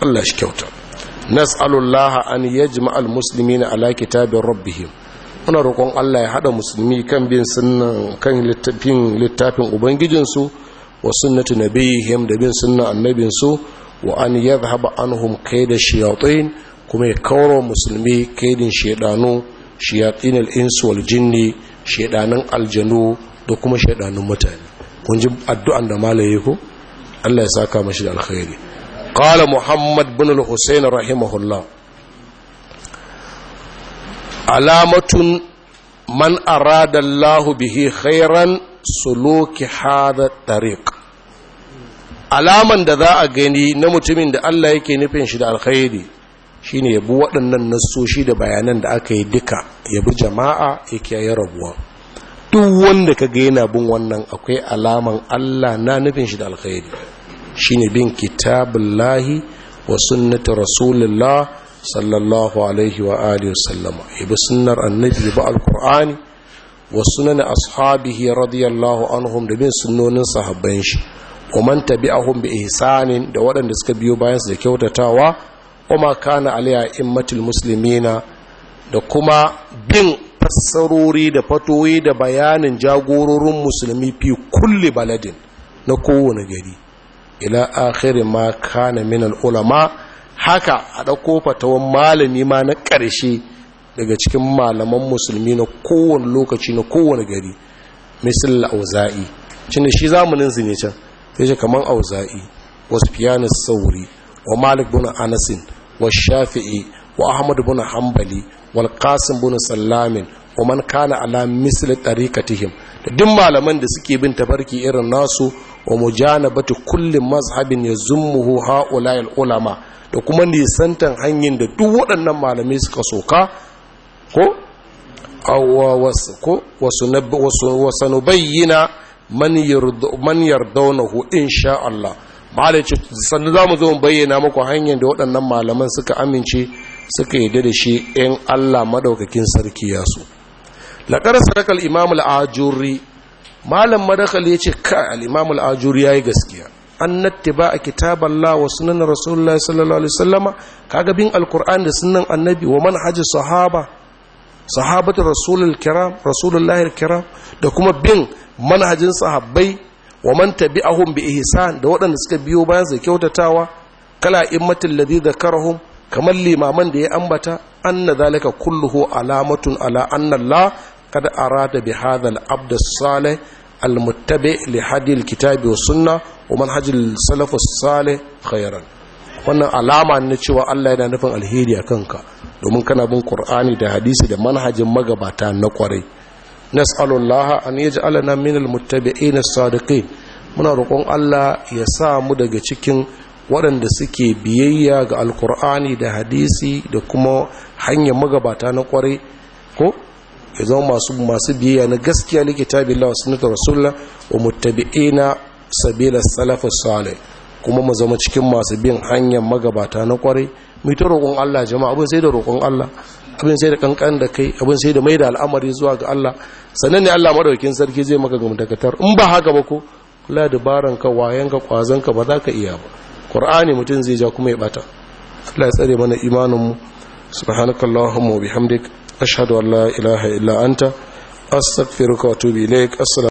Allah shi kyauta nas'alullaha an yajma al muslimina ala kitabin rabbihim muna roƙon Allah ya hada musulmi kan bin sunnan kan littafin littafin ubangijin su wa sunnati nabiyihim da bin sunnan annabin su wa an yadhhab anhum kayda shayatin kuma ya kawo musulmi kaidin shaidanu shayatin al'insu insu wal jinni aljanu da kuma shaidanun mutane kun ji addu'an da malaye ko Allah ya saka mashi da alkhairi qala muhammad bin al-husayn rahimahullah alamatun man arada Allah bihi khairan suluki hada tariq alaman da za a gani na mutumin da Allah yake nufin shi da alkhairi shine ya bi waɗannan nassoshi da bayanan da aka yi duka ya bi jama'a ya kiyaye rabuwa duk wanda ka ga yana bin wannan akwai alaman Allah na nufin shi da alkhairi shine bin kitabullahi wa sunnati rasulullah sallallahu alaihi wa alihi wasallama ya bi sunnar annabi ba alkur'ani alqur'ani wa sunan ashabihi radiyallahu anhum da bin sunnonin sahabban shi kuma man tabi'ahum bi ihsanin da waɗanda suka biyo bayan su da kyautatawa kuma kana alaiha musulmi na, da kuma bin fassarori da fatoyi da bayanin jagororin musulmi fi kulli baladin na kowane gari ila akhirin ma kana min ulama haka a ɗauko fatawan malami ma na ƙarshe daga cikin malaman musulmi na kowane lokaci na kowane gari misal auza'i cin shi zamanin zinicin can sai shi kamar auza'i wasu fiyanis sauri wa malik bin anasin wa shafi'i wa ahmad bin hambali wal qasim bin sallamin wa man kana ala da duk malaman da suke bin tafarki irin nasu wa mujanabatu kulli mazhabin yazummuhu haula al ulama da kuma nisantan hanyar da duk waɗannan malamai suka soka ko wasu nubayyina man yardaunahu insha Allah malai ce sannu za mu zo mu bayyana muku hanyar da waɗannan malaman suka amince suka yarda da shi ‘yan Allah maɗaukakin sarki ya su. Laƙar sarakar imamul ajuri malam madakal ya ce ka al'imamul ajuri ya yi gaskiya an nattiba a kitabar la wa sunan rasulullah sallallahu alaihi sallama kaga bin alkur'an da sunan annabi wa hajji sahaba sahabatin rasulul kiram rasulullah kiram da kuma bin manhajin sahabbai wa man tabi'ahum bi ihsan da waɗanda suka biyo bayan su kyautatawa kala immatul ladhi dhakarahum kamar limaman da ya ambata anna zalika kulluhu alamatun ala anna Allah kad arada bi hadha al-abd as-salih al-muttabi li hadi al-kitabi wa sunnah wa manhaj al-salaf as-salih khayran wannan alama ne cewa Allah yana nufin alheri a kanka domin kana bin Qur'ani da hadisi da manhajin magabata na kwarai nas'alullaha an yaj'alana minal muttabi'in as-sadiqin muna roƙon Allah ya sa mu daga cikin waɗanda suke biyayya ga alkur'ani da hadisi da kuma hanyar magabata na kwarai ko ya zama masu biyayya na gaskiya likita kitabin lawa sunnata rasulullah wa muttabi'ina sabila salafu salih kuma mu zama cikin masu bin hanyar magabata na kwarai mu ta roƙon Allah jama'a abin sai da roƙon Allah abin sai da kankan da kai abin sai da mai da al'amari zuwa ga Allah sannan ne Allah madaukakin sarki zai maka gamdakatar in ba haka ba ko kula dabaran ka wayan ka kwazon ka ba za ka iya ba qur'ani mutum zai ja kuma ya bata Allah ya tsare mana imanin mu subhanakallahumma wa bihamdik ashhadu an la ilaha illa anta astaghfiruka wa atubu ilaik